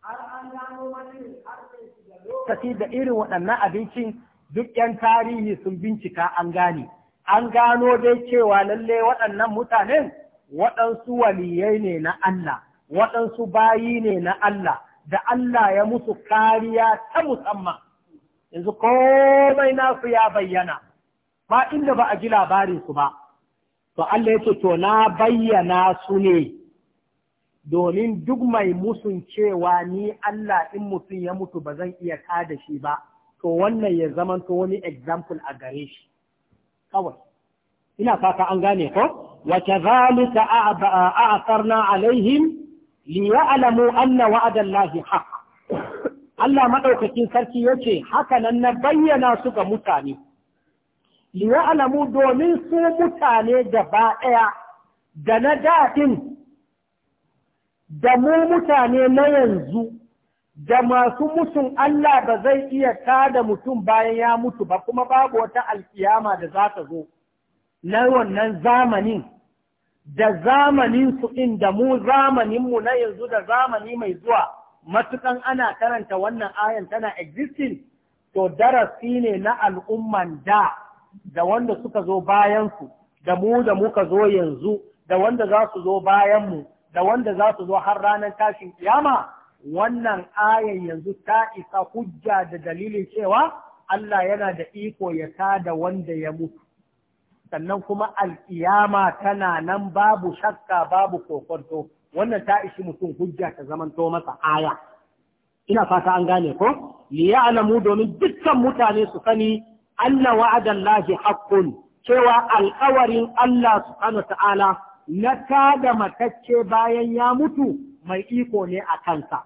Har an gano ma irin harshen su da lokaci da irin waɗannan abincin duk ƴan tarihi sun bincika an gane. An gano dai cewa lalle waɗannan mutanen waɗansu waliyai ne na Allah, waɗansu bayi ne na Allah, da Allah ya musu kariya ta musamman. Yanzu komai nasu ya bayyana. ba inda ba a ji labarin su ba to Allah yake to na bayyana su ne domin duk mai musun cewa ni Allah in mutum ya mutu ba zan iya kada shi ba to wannan ya zamanto wani example a gare shi kawai ina fata an gane ko wa a a'tharna alaihim li anna wa'ada Allahi haqq Allah madaukakin sarki yace haka nan na bayyana su ga mutane alamu domin su mutane gaba ɗaya da na daɗin da mu mutane na yanzu da masu mutum Allah ba zai iya tada mutum bayan ya mutu ba kuma babu wata alkiyama da za ta zo na wannan zamanin da zamanin su inda mu zamaninmu na yanzu da zamani mai zuwa matukan ana karanta wannan ayan tana existing to darasi ne na al'umman da da wanda suka zo bayansu da mu da muka zo yanzu da wanda za su zo bayanmu da wanda za su zo har ranar tashin kiyama wannan ayan yanzu ta isa hujja da dalilin cewa Allah yana da iko ya tada wanda ya mutu sannan kuma al'iyama tana nan babu shakka babu kokonto wannan ta ishi mutum hujja ta zamanto masa aya ina fata an gane ko ya alamu domin dukkan mutane su sani anna wa'adallahi haƙƙun cewa alƙawarin Allah subhanahu ta'ala na tada matacce bayan ya mutu mai iko ne a kansa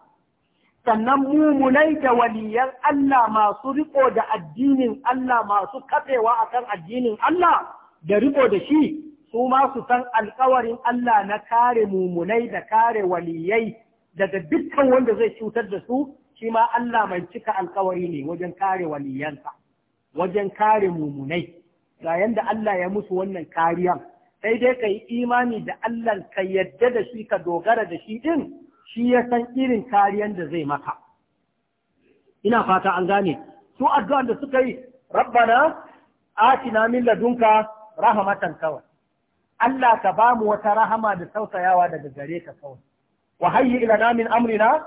sannan mumunai da waliyan Allah masu riko da addinin Allah masu kafewa akan addinin Allah da riko da shi su ma su san alƙawarin Allah na kare mumunai da kare waliyai daga dukkan wanda zai cutar da su shi ma Allah mai cika alƙawari ne wajen kare waliyansa wajen kare mumunai ga yadda Allah ya musu wannan kariyan sai dai ka yi imani da Allah ka yadda da shi ka dogara da shi din shi ya san irin kariyan da zai maka ina fata an gane su addu'an da suka yi rabbana atina min ladunka rahmatan kawai Allah ka ba mu wata rahama da tausayawa daga gare ka kawai wa hayyi ilana min amrina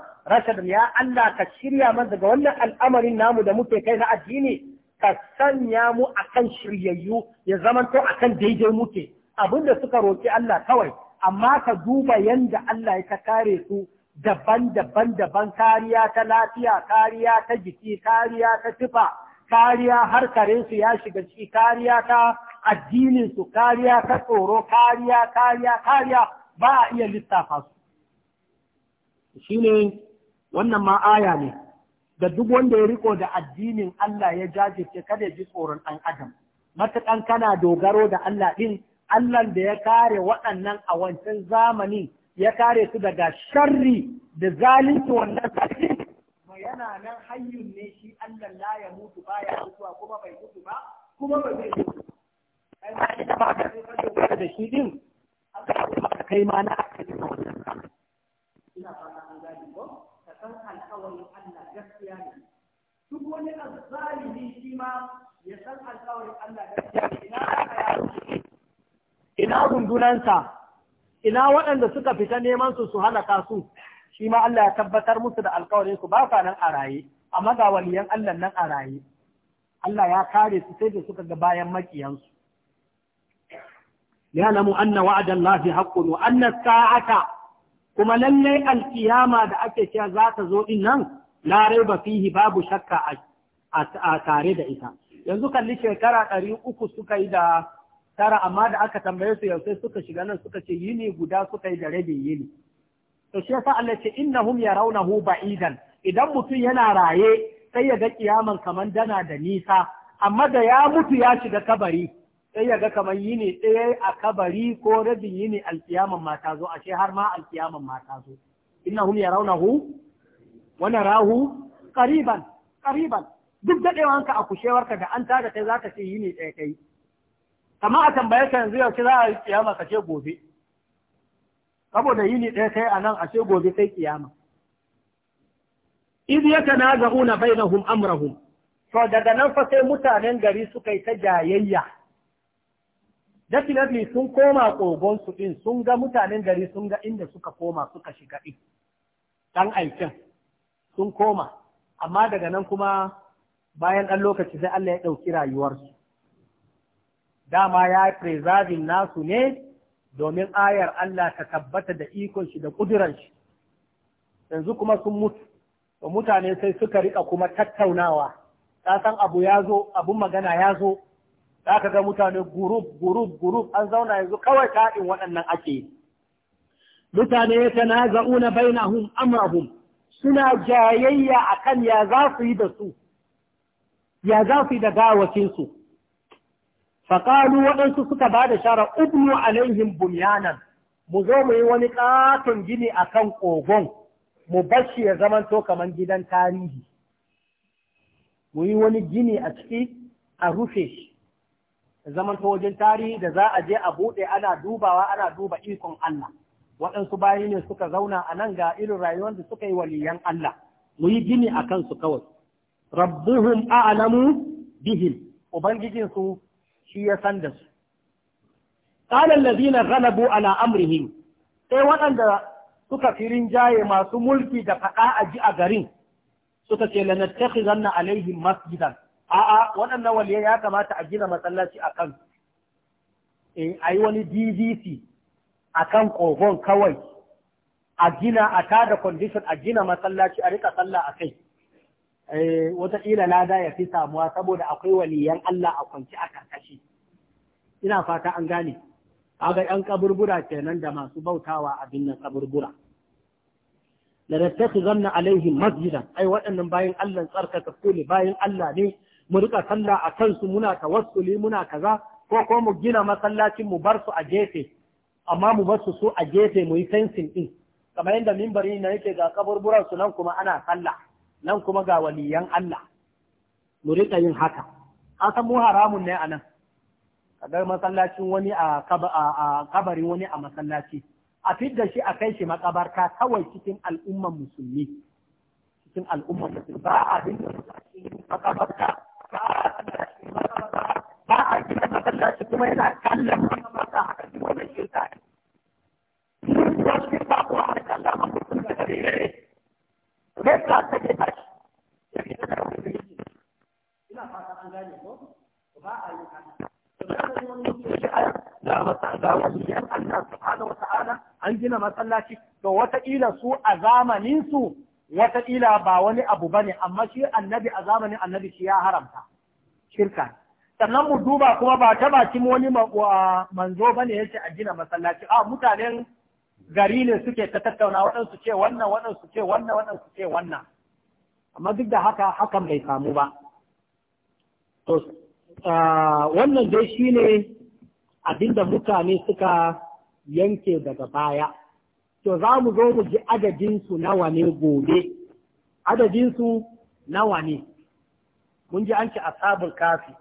ya Allah ka shirya man daga wannan al'amarin namu da muke kai na addini ka sanya mu kan shiryayyu ya zamanto kan daidai muke abinda suka roƙi Allah kawai amma ka duba yanda Allah ya kare su daban-daban daban kariya ta lafiya kariya ta jiki kariya ta tufa kariya har karensu ya shiga ciki kariya ta addinin su kariya ta tsoro kariya kariya kariya ba a iya lissafa su shine wannan ma aya ne da duk wanda ya riko da addinin Allah ya jajirce kada ya ji tsoron ɗan adam matuƙan kana dogaro da Allah ɗin Allah da ya kare waɗannan a wancan zamani ya kare su daga sharri da zalunci wannan sarki yana nan hayyun ne shi Allah la ya mutu ba ya mutuwa kuma bai mutu ba kuma ba zai mutu ina fata an gani ko ka san alƙawarin Allah gaskiya ne duk wani azzalimi shi ma ya san alƙawarin Allah gaskiya ina ina ina waɗanda suka fita neman su su halaka su shi ma Allah ya tabbatar musu da alƙawarin su ba sa nan a raye amma ga waliyan Allah nan a raye Allah ya kare su sai da suka ga bayan makiyansu lamu anna wa'ada Allah haqqun wa anna sa'ata kuma lallai alkiyama da ake cewa za ta zo din nan la raiba fihi babu shakka a tare da ita yanzu kalli shekara ɗari uku suka yi da tara amma da aka tambaye su yau sai suka shiga nan suka ce yini guda suka yi da rabe yini to shi yasa Allah ce innahum yarawnahu ba'idan idan mutum yana raye sai ya ga kiyaman kaman dana da nisa amma da ya mutu ya shiga kabari sai ya ga kaman yini ɗaya a kabari ko rabin yini alkiyaman ma zo ashe har ma alkiyaman ma zo innahum yarawnahu wani rahu ƙariban ƙariban duk daɗewanka a kushewarka da an tada kai za ka ce yi ne ɗaya kai kama a tambaye ka yanzu yaushe za a yi kiyama ka ce gobe saboda yi ne ɗaya kai a nan a ce gobe sai kiyama iz yaka na hum amra amrahum to daga nan fa sai mutanen gari suka yi ta jayayya definitely sun koma kogon su ɗin, sun ga mutanen gari sun ga inda suka koma suka shiga ɗin. dan aikin sun koma amma daga nan kuma bayan ɗan lokaci sai Allah ya ɗauki rayuwarsu dama ya yi preserving nasu ne domin ayar Allah ta tabbata da ikon shi da ƙuduran shi yanzu kuma sun mutu to mutane sai suka riƙa kuma tattaunawa ta san abu ya zo abun magana ya zo za ka ga mutane gurup gurub gurub an zauna yanzu kawai taɗin waɗannan ake mutane ya za'una bainahum amrahum suna jayayya akan ya za su yi da su ya za su yi da gawacinsu Fakalu waɗansu suka ba da shara ubnu alaihim bunyanan mu zo mu yi wani ƙaton gini a kan ƙogon mu bashi ya zamanto kamar gidan tarihi mu yi wani gini a ciki a rufe shi to wajen tarihi da za a je a buɗe ana dubawa ana duba ikon Allah waɗansu bayi ne suka zauna a nan ga irin rayuwar da suka yi waliyan Allah mu yi gini a kansu kawai rabbuhum a'lamu bihim Ubangijinsu shi ya san da su qala lazinar ranabu ala amrihim sai waɗanda suka firin jaye masu mulki da faɗa a ji a garin suka ce lanattakhizanna alaihim masjidan a'a waɗannan waliyan ya kamata a gina masallaci a kan eh ayi wani DVC a kan ƙogon kawai a gina a tada condition a gina masallaci a rika sallah a kai eh, wataƙila da ya fi samuwa saboda akwai waliyan Allah a kwanci a karkashi ina fata an gane kaga yan kaburbura kenan da masu bautawa a binnan kaburbura la a alaihim masjidan ai waɗannan bayan Allah tsarka ta ne bayan Allah ne mu rika sallah a kansu muna tawassuli muna kaza ko ko mu gina masallacin mu bar su a gefe amma mu basu so a gefe mu yi fensin ɗin kamar yadda mimbarin na yake ga kaburburan su nan kuma ana sallah nan kuma ga waliyan Allah mu riƙa yin haka an san mu haramun ne a nan kaga masallacin wani a kabarin wani a masallaci a fidda shi a kai shi makabarta kawai cikin al'umman musulmi cikin al'umman musulmi ba a fidda shi makabarta masallaci kuma yana kallon wannan mata haka kuma da shi ta yi mun zuwa cikin bakuwa da kallon mamutum da dare dare ne ta take tashi ya fi tana wani da ina fata an gane ko ba a yi haka ga waliyan Allah subhanahu wata'ala an gina masallaci to wataƙila su a zamanin su wataƙila ba wani abu bane amma shi annabi a zamanin annabi shi ya haramta shirka sannan mu duba kuma ba ta bakin wani manzo ba ne yace a gina masallaci a mutanen gari ne suke ta tattauna waɗansu ce wannan waɗansu ce wannan waɗansu ce wannan amma duk da haka hakan bai samu ba to wannan dai shi ne abinda mutane suka yanke daga baya to za mu zo mu ji adadinsu nawa ne gobe adadinsu nawa ne mun ji an ci asabul kafi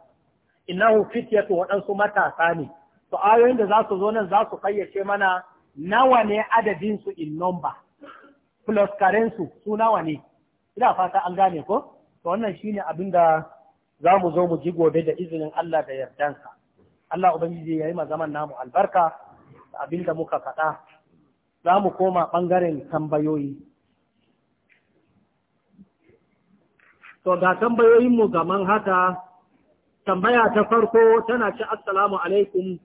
innahu fityatu waɗansu matasa ne to ayoyin da za su zo nan za su kayyace mana nawa ne adadin su in number plus karensu su nawa ne ina fata an gane ko to wannan shine abin da za mu zo mu ji gobe da izinin Allah da yardansa Allah ubangiji ya yi ma zaman namu albarka da abin da muka faɗa za mu koma ɓangaren tambayoyi to ga tambayoyinmu gaman haka tambaya ta farko tana ce assalamu alaikum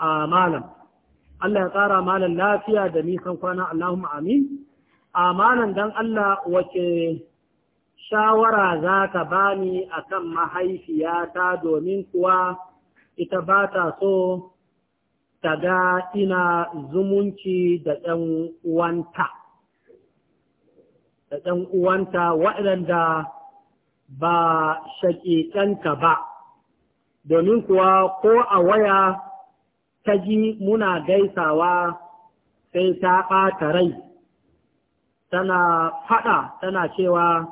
a malam Allah ya tsara malam lafiya da nisan kwana Allahun amin a malam don Allah wace shawara za ka bani akan mahaifiyata domin kuwa ita ba ta so ta ga ina zumunci da ɗan uwanta da ɗan uwanta waɗanda ba shaƙiƙanka ba, domin kuwa ko a waya ta ji muna gaisawa sai ta ɓata rai, tana faɗa tana cewa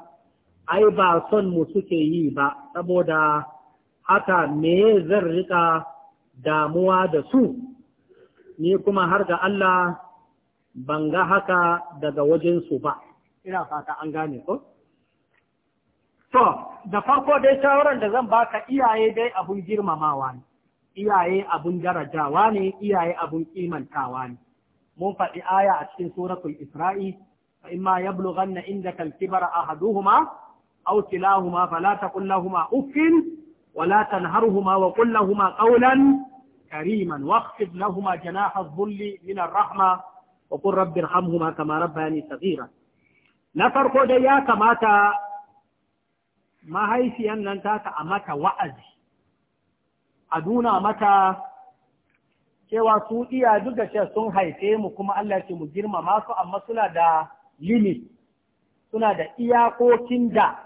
ai ba son mu suke yi ba, saboda haka me zan riƙa damuwa da su, ni kuma har ga Allah ban ga haka daga wajensu ba, ina fata an gane ko? To, da farko dai shawarar da zan baka iyaye dai abun girmamawa ne, iyaye abun darajawa ne, iyaye abun kimantawa ne. Mun faɗi aya a cikin suratul Isra'i, fa imma yablughanna indaka al-kibara ahaduhuma aw kilahuma fala taqul lahumā uffin wa la tanharhumā wa qul lahumā qawlan kariman waqfid lahumā janāha adh-dhulli min ar-raḥmah wa qur rabbi irhamhumā kamā rabbayānī saghīran. Na farko dai ya kamata mahaifiyan nan taka a mata wa'azi a nuna mata cewa su iya duk da sun haife mu kuma Allah ce mu girmama su amma suna da limit suna da iyakokin da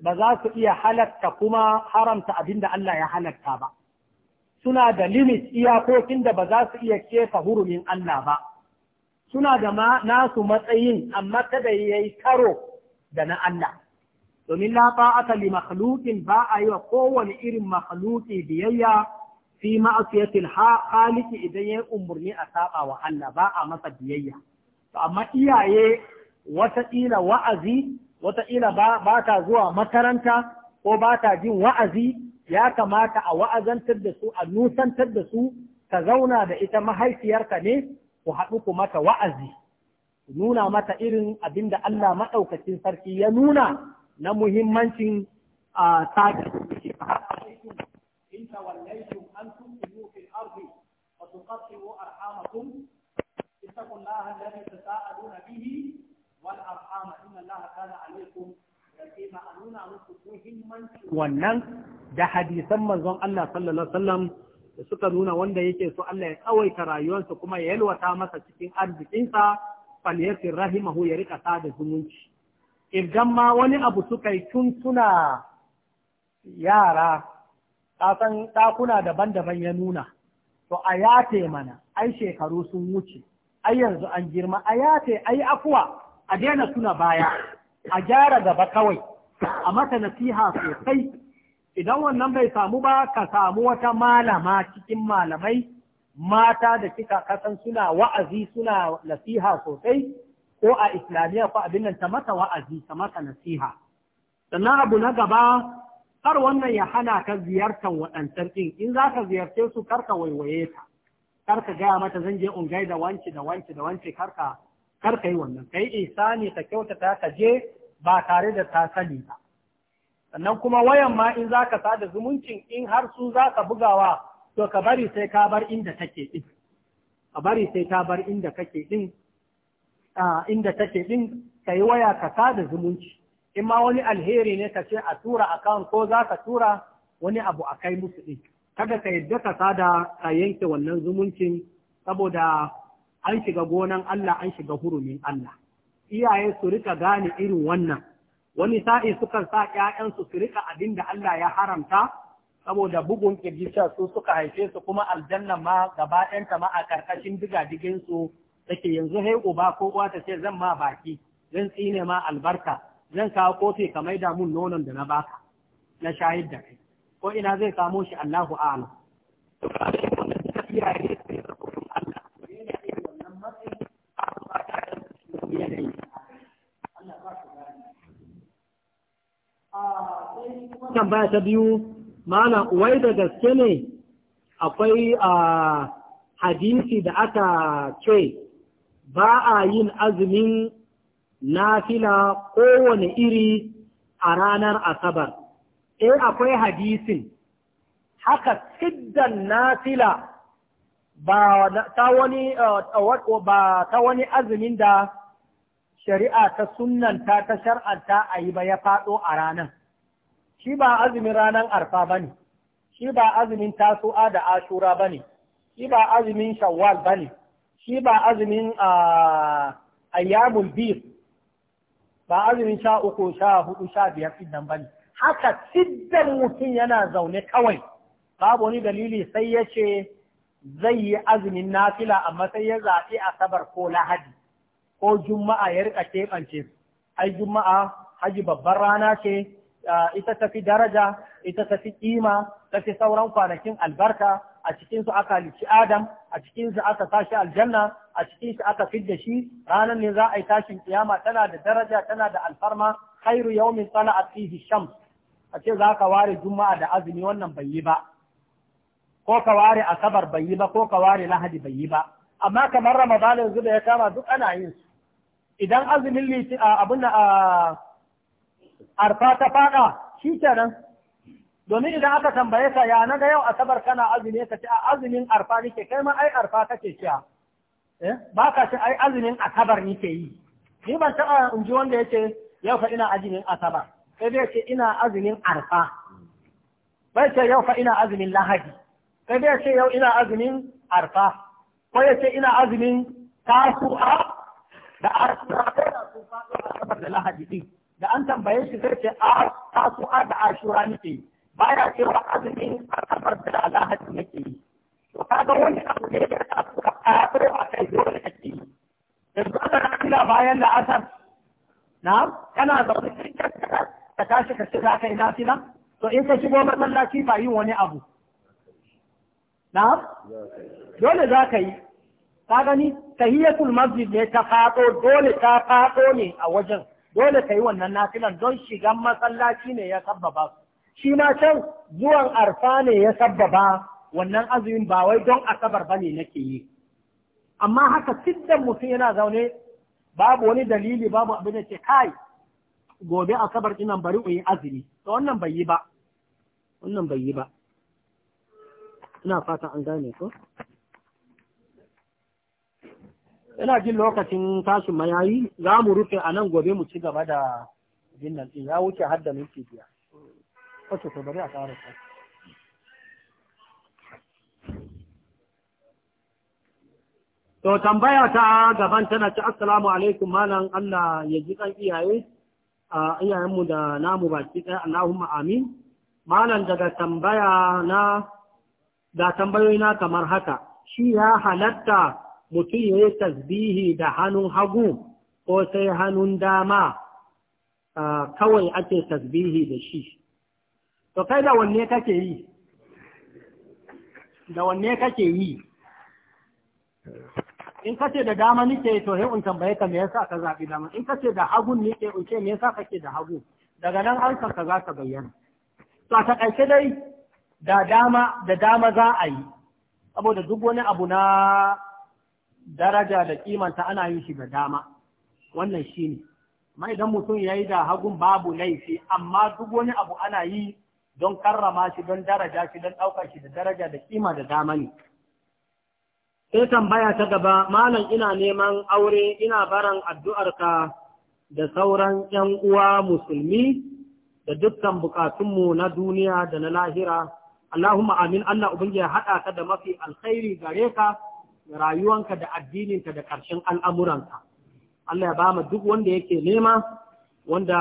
ba za su iya halatta kuma haramta abin da Allah ya halatta ba suna da limit iyakokin da ba za su iya kefa hurumin Allah ba suna da nasu matsayin amma kada yayi karo da na Allah domin la ta'ata li makhluqin ba a yi wa kowane irin makhluqi biyayya fi ma'asiyatil khaliqi idan ya umurni a saba wa Allah ba a masa biyayya to amma iyaye ila wa'azi ila ba ta zuwa makaranta ko ba ta jin wa'azi ya kamata a wa'azantar da su a nusantar da su ka zauna da ita mahaifiyarka ne ku haɗu ku mata wa'azi nuna mata irin abin da Allah maɗaukacin sarki ya nuna na muhimmancin a tsaka bihi inna a nuna musu wannan da hadisan manzon Allah sallallahu alaihi wasallam da suka nuna wanda yake so Allah ya tsawaita rayuwarsa kuma ya yalwata masa cikin arzikinsa falyasir rahimahu ya rika sada zumunci Idan ma wani abu suka yi tun suna yara, ƙasan ɗakuna daban-daban ya nuna, to a yate mana, ai shekaru sun wuce, ai yanzu an girma, a yafe, ai afuwa, a daina suna baya, a gyara gaba kawai, a mata nasiha sosai, idan wannan bai samu ba, ka samu wata malama cikin malamai, mata da kika kasan suna wa'azi suna nasiha sosai, ko a islamiyya ko abin nan ta mata wa'azi ta mata nasiha sannan abu na gaba kar wannan ya hana ka ziyartar waɗancan ɗin in za ka ziyarce su kar ka waiwaye ta kar ka gaya mata zan je in da wanci da wanci da wanci kar ka kar ka yi wannan kai isani ka kyautata ka je ba tare da ta sani ba sannan kuma wayan ma in za ka sada zumuncin in har su za ka bugawa to ka bari sai ka bar inda kake ɗin ka bari sai ka bar inda kake ɗin inda take din ka yi waya ka sada zumunci in ma wani alheri ne ka ce a tura akan ko za ka tura wani abu a kai musu din kada ka yadda ka sada ka yanke wannan zumuncin saboda an shiga gonan Allah an shiga hurumin Allah iyaye su rika gane irin wannan wani sa'i sukan sa ‘ya'yansu su rika abin da Allah ya haramta saboda bugun kirgisa su suka haife su kuma aljanna ma gaba ɗanta ma a ƙarƙashin digadiginsu take yanzu hai uba ko uwa ta ce zan ma baki zan tsine ma albarka zan kawo kofi ka maida mun nonon da na baka na shahid da kai ko ina zai samo shi Allahu a'lam tambaya ah, ta biyu mana wai da gaske ne akwai a ah, hadisi da aka ce ba a yin azumin nafila kowane iri a ranar asabar. E, akwai hadisin, haka siddan nafila ba ta wani, eh, ba ta wani azumin da shari'a ta sunanta ta shar'anta a yi ba ya faɗo a ranar. Shi ba azumin ranar arfa ba ne, shi ba azumin tasu'a da ashura ba ne, shi ba azumin shawwal ba ne. shi ba azumin ayyamul bir ba azumin sha uku sha hudu sha biyar idan nan ne haka siddan mutum yana zaune kawai babu wani dalili sai yace zai yi azumin nafila amma sai ya zaɓi asabar ko lahadi ko juma'a ya rika keɓance ai juma'a haji babbar rana ce ita tafi daraja ita tafi kima tafi sauran kwanakin albarka a cikinsu aka halicci Adam, a cikinsu aka tashi aljanna, a cikinsu aka fidda shi, ranar ne za a yi tashin kiyama tana da daraja tana da alfarma, khairu yawmin a fihi shams. A ce za ka ware juma'a da azumi wannan bai yi ba, ko ka ware asabar bai yi ba, ko ka ware lahadi bai yi ba. Amma kamar Ramadan yanzu da ya kama duk ana yin su. Idan azumin litin abin a arfa ta fada shi kenan domin idan aka tambaye ka ya na ga yau asabar kana azumi ka ce a azumin arfa nike kai ma ai arfa kake ciya eh? ba ka ce ai azumin asabar nike yi ni ban taɓa in ji wanda yake yau fa ina azumin asabar sai dai ce ina azumin arfa bai ce yau fa ina azumin lahadi sai dai ce yau ina azumin arfa ko ya ce ina azumin tasu'a da arfa da lahadi din da an tambaye shi sai ce a tasu'a da ashura nike yi baya cewa azumin asabar da alhaji yake yi to kaga wani abu ne da ta suka kafir a kai dole kake yi yanzu aka na kila bayan da asar na kana zaune cikin ka tashi ka shiga kai na fila to in ka shigo masallaci ba yin wani abu na dole za ka yi ka gani tahiyatul masjid ne ta fado dole ta fado ne a wajen dole ka yi wannan nafilan don shigan masallaci ne ya sabbaba su shi ma can zuwan arfa ne ya sabbaba wannan azumin ba wai don asabar ba ne nake yi amma haka siddan mutum yana zaune babu wani dalili babu abin da ce kai gobe asabar ina bari in azumi to wannan bai yi ba wannan bai yi ba ina fata an gane ko ina jin lokacin tashin mayayi za mu rufe a nan gobe mu ci gaba da jinnan ya wuce har da minti biyar wace to bari a ƙara to tambaya ta gaban tana ci assalamu alaikum malam Allah ya ji kan iyaye a iyayenmu da namu baki ɗaya Allahumma amin malam daga tambaya na da tambayoyi na kamar haka shi ya halatta mutum ya yi tasbihi da hannun hagu ko sai hannun dama kawai ake tasbihi da shi to kai da wanne kake yi da wanne kake yi in kace da dama nike to sai in tambaye ka me yasa ka zabi dama in kace da hagun nike in ce me yasa kake da hagu daga nan harkar ka za ka bayyana to a takaice dai da dama da dama za a yi saboda duk wani abu na daraja da kimanta ana yin shi da dama wannan shine mai idan mutum yayi da hagun babu laifi amma duk wani abu ana yi don karrama shi don daraja shi don ɗaukar shi da daraja da kima da dama ne sai tambaya ta gaba malam ina neman aure ina baran addu'arka da sauran ‘yan uwa musulmi da dukkan bukatunmu na duniya da na lahira Allahumma amin Allah ubangiji ya haɗa ka da mafi alkhairi gare ka rayuwanka da addininka da ƙarshen al'amuranka Allah ya ba mu duk wanda yake nema wanda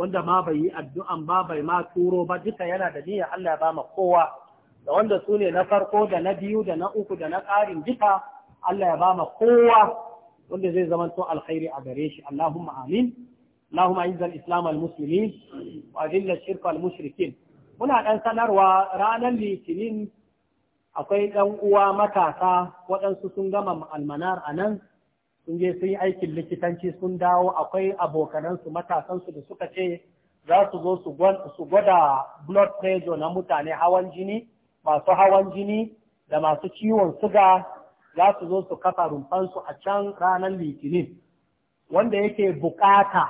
wanda ma bai yi addu'an ba bai ma turo ba duka yana da niyyar Allah ba ma kowa da wanda su ne na farko da na biyu da na uku da na ƙarin duka Allah ya ba ma kowa wanda zai zama to alkhairi a gare shi Allahumma amin Allahumma izza al-islam al-muslimin wa adilla shirka al-mushrikin muna dan sanarwa ranar litinin akwai dan uwa matasa waɗansu sun gama almanar anan sun je sun yi aikin likitanci sun dawo akwai abokanansu matasansu da suka ce za su zo su gwada blood pressure na mutane hawan jini masu hawan jini da masu ciwon suga za su zo su kafa rumfansu a can ranar litinin wanda yake bukata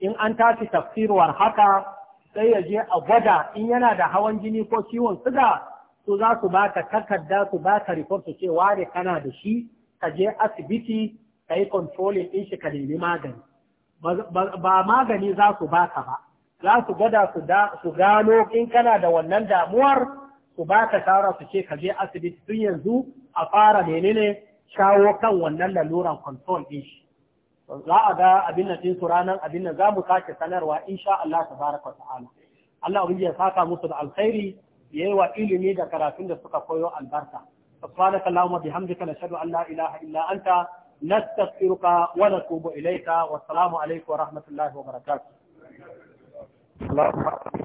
in an tashi tafsirwar haka sai ya je a gwada in yana da hawan jini ko ciwon suga su za su baka takarda su baka report su ce ware kana da shi ka je asibiti ka yi controlling ɗin shi ka nemi magani ba magani za su baka ba za su gada su gano in kana da wannan damuwar su baka shawara su ce ka je asibiti tun yanzu a fara menene shawo kan wannan laluran control ɗin shi za a ga abin nan ɗinsu ranar abin nan za mu sake sanarwa insha Allah tabaraka wa ta'ala Allah ubangiji ya saka musu da alkhairi yi wa ilimi da karatun da suka koyo albarka subhanaka allahumma bihamdika nashhadu an la ilaha illa anta نستغفرك ونتوب إليك والسلام عليكم ورحمة الله وبركاته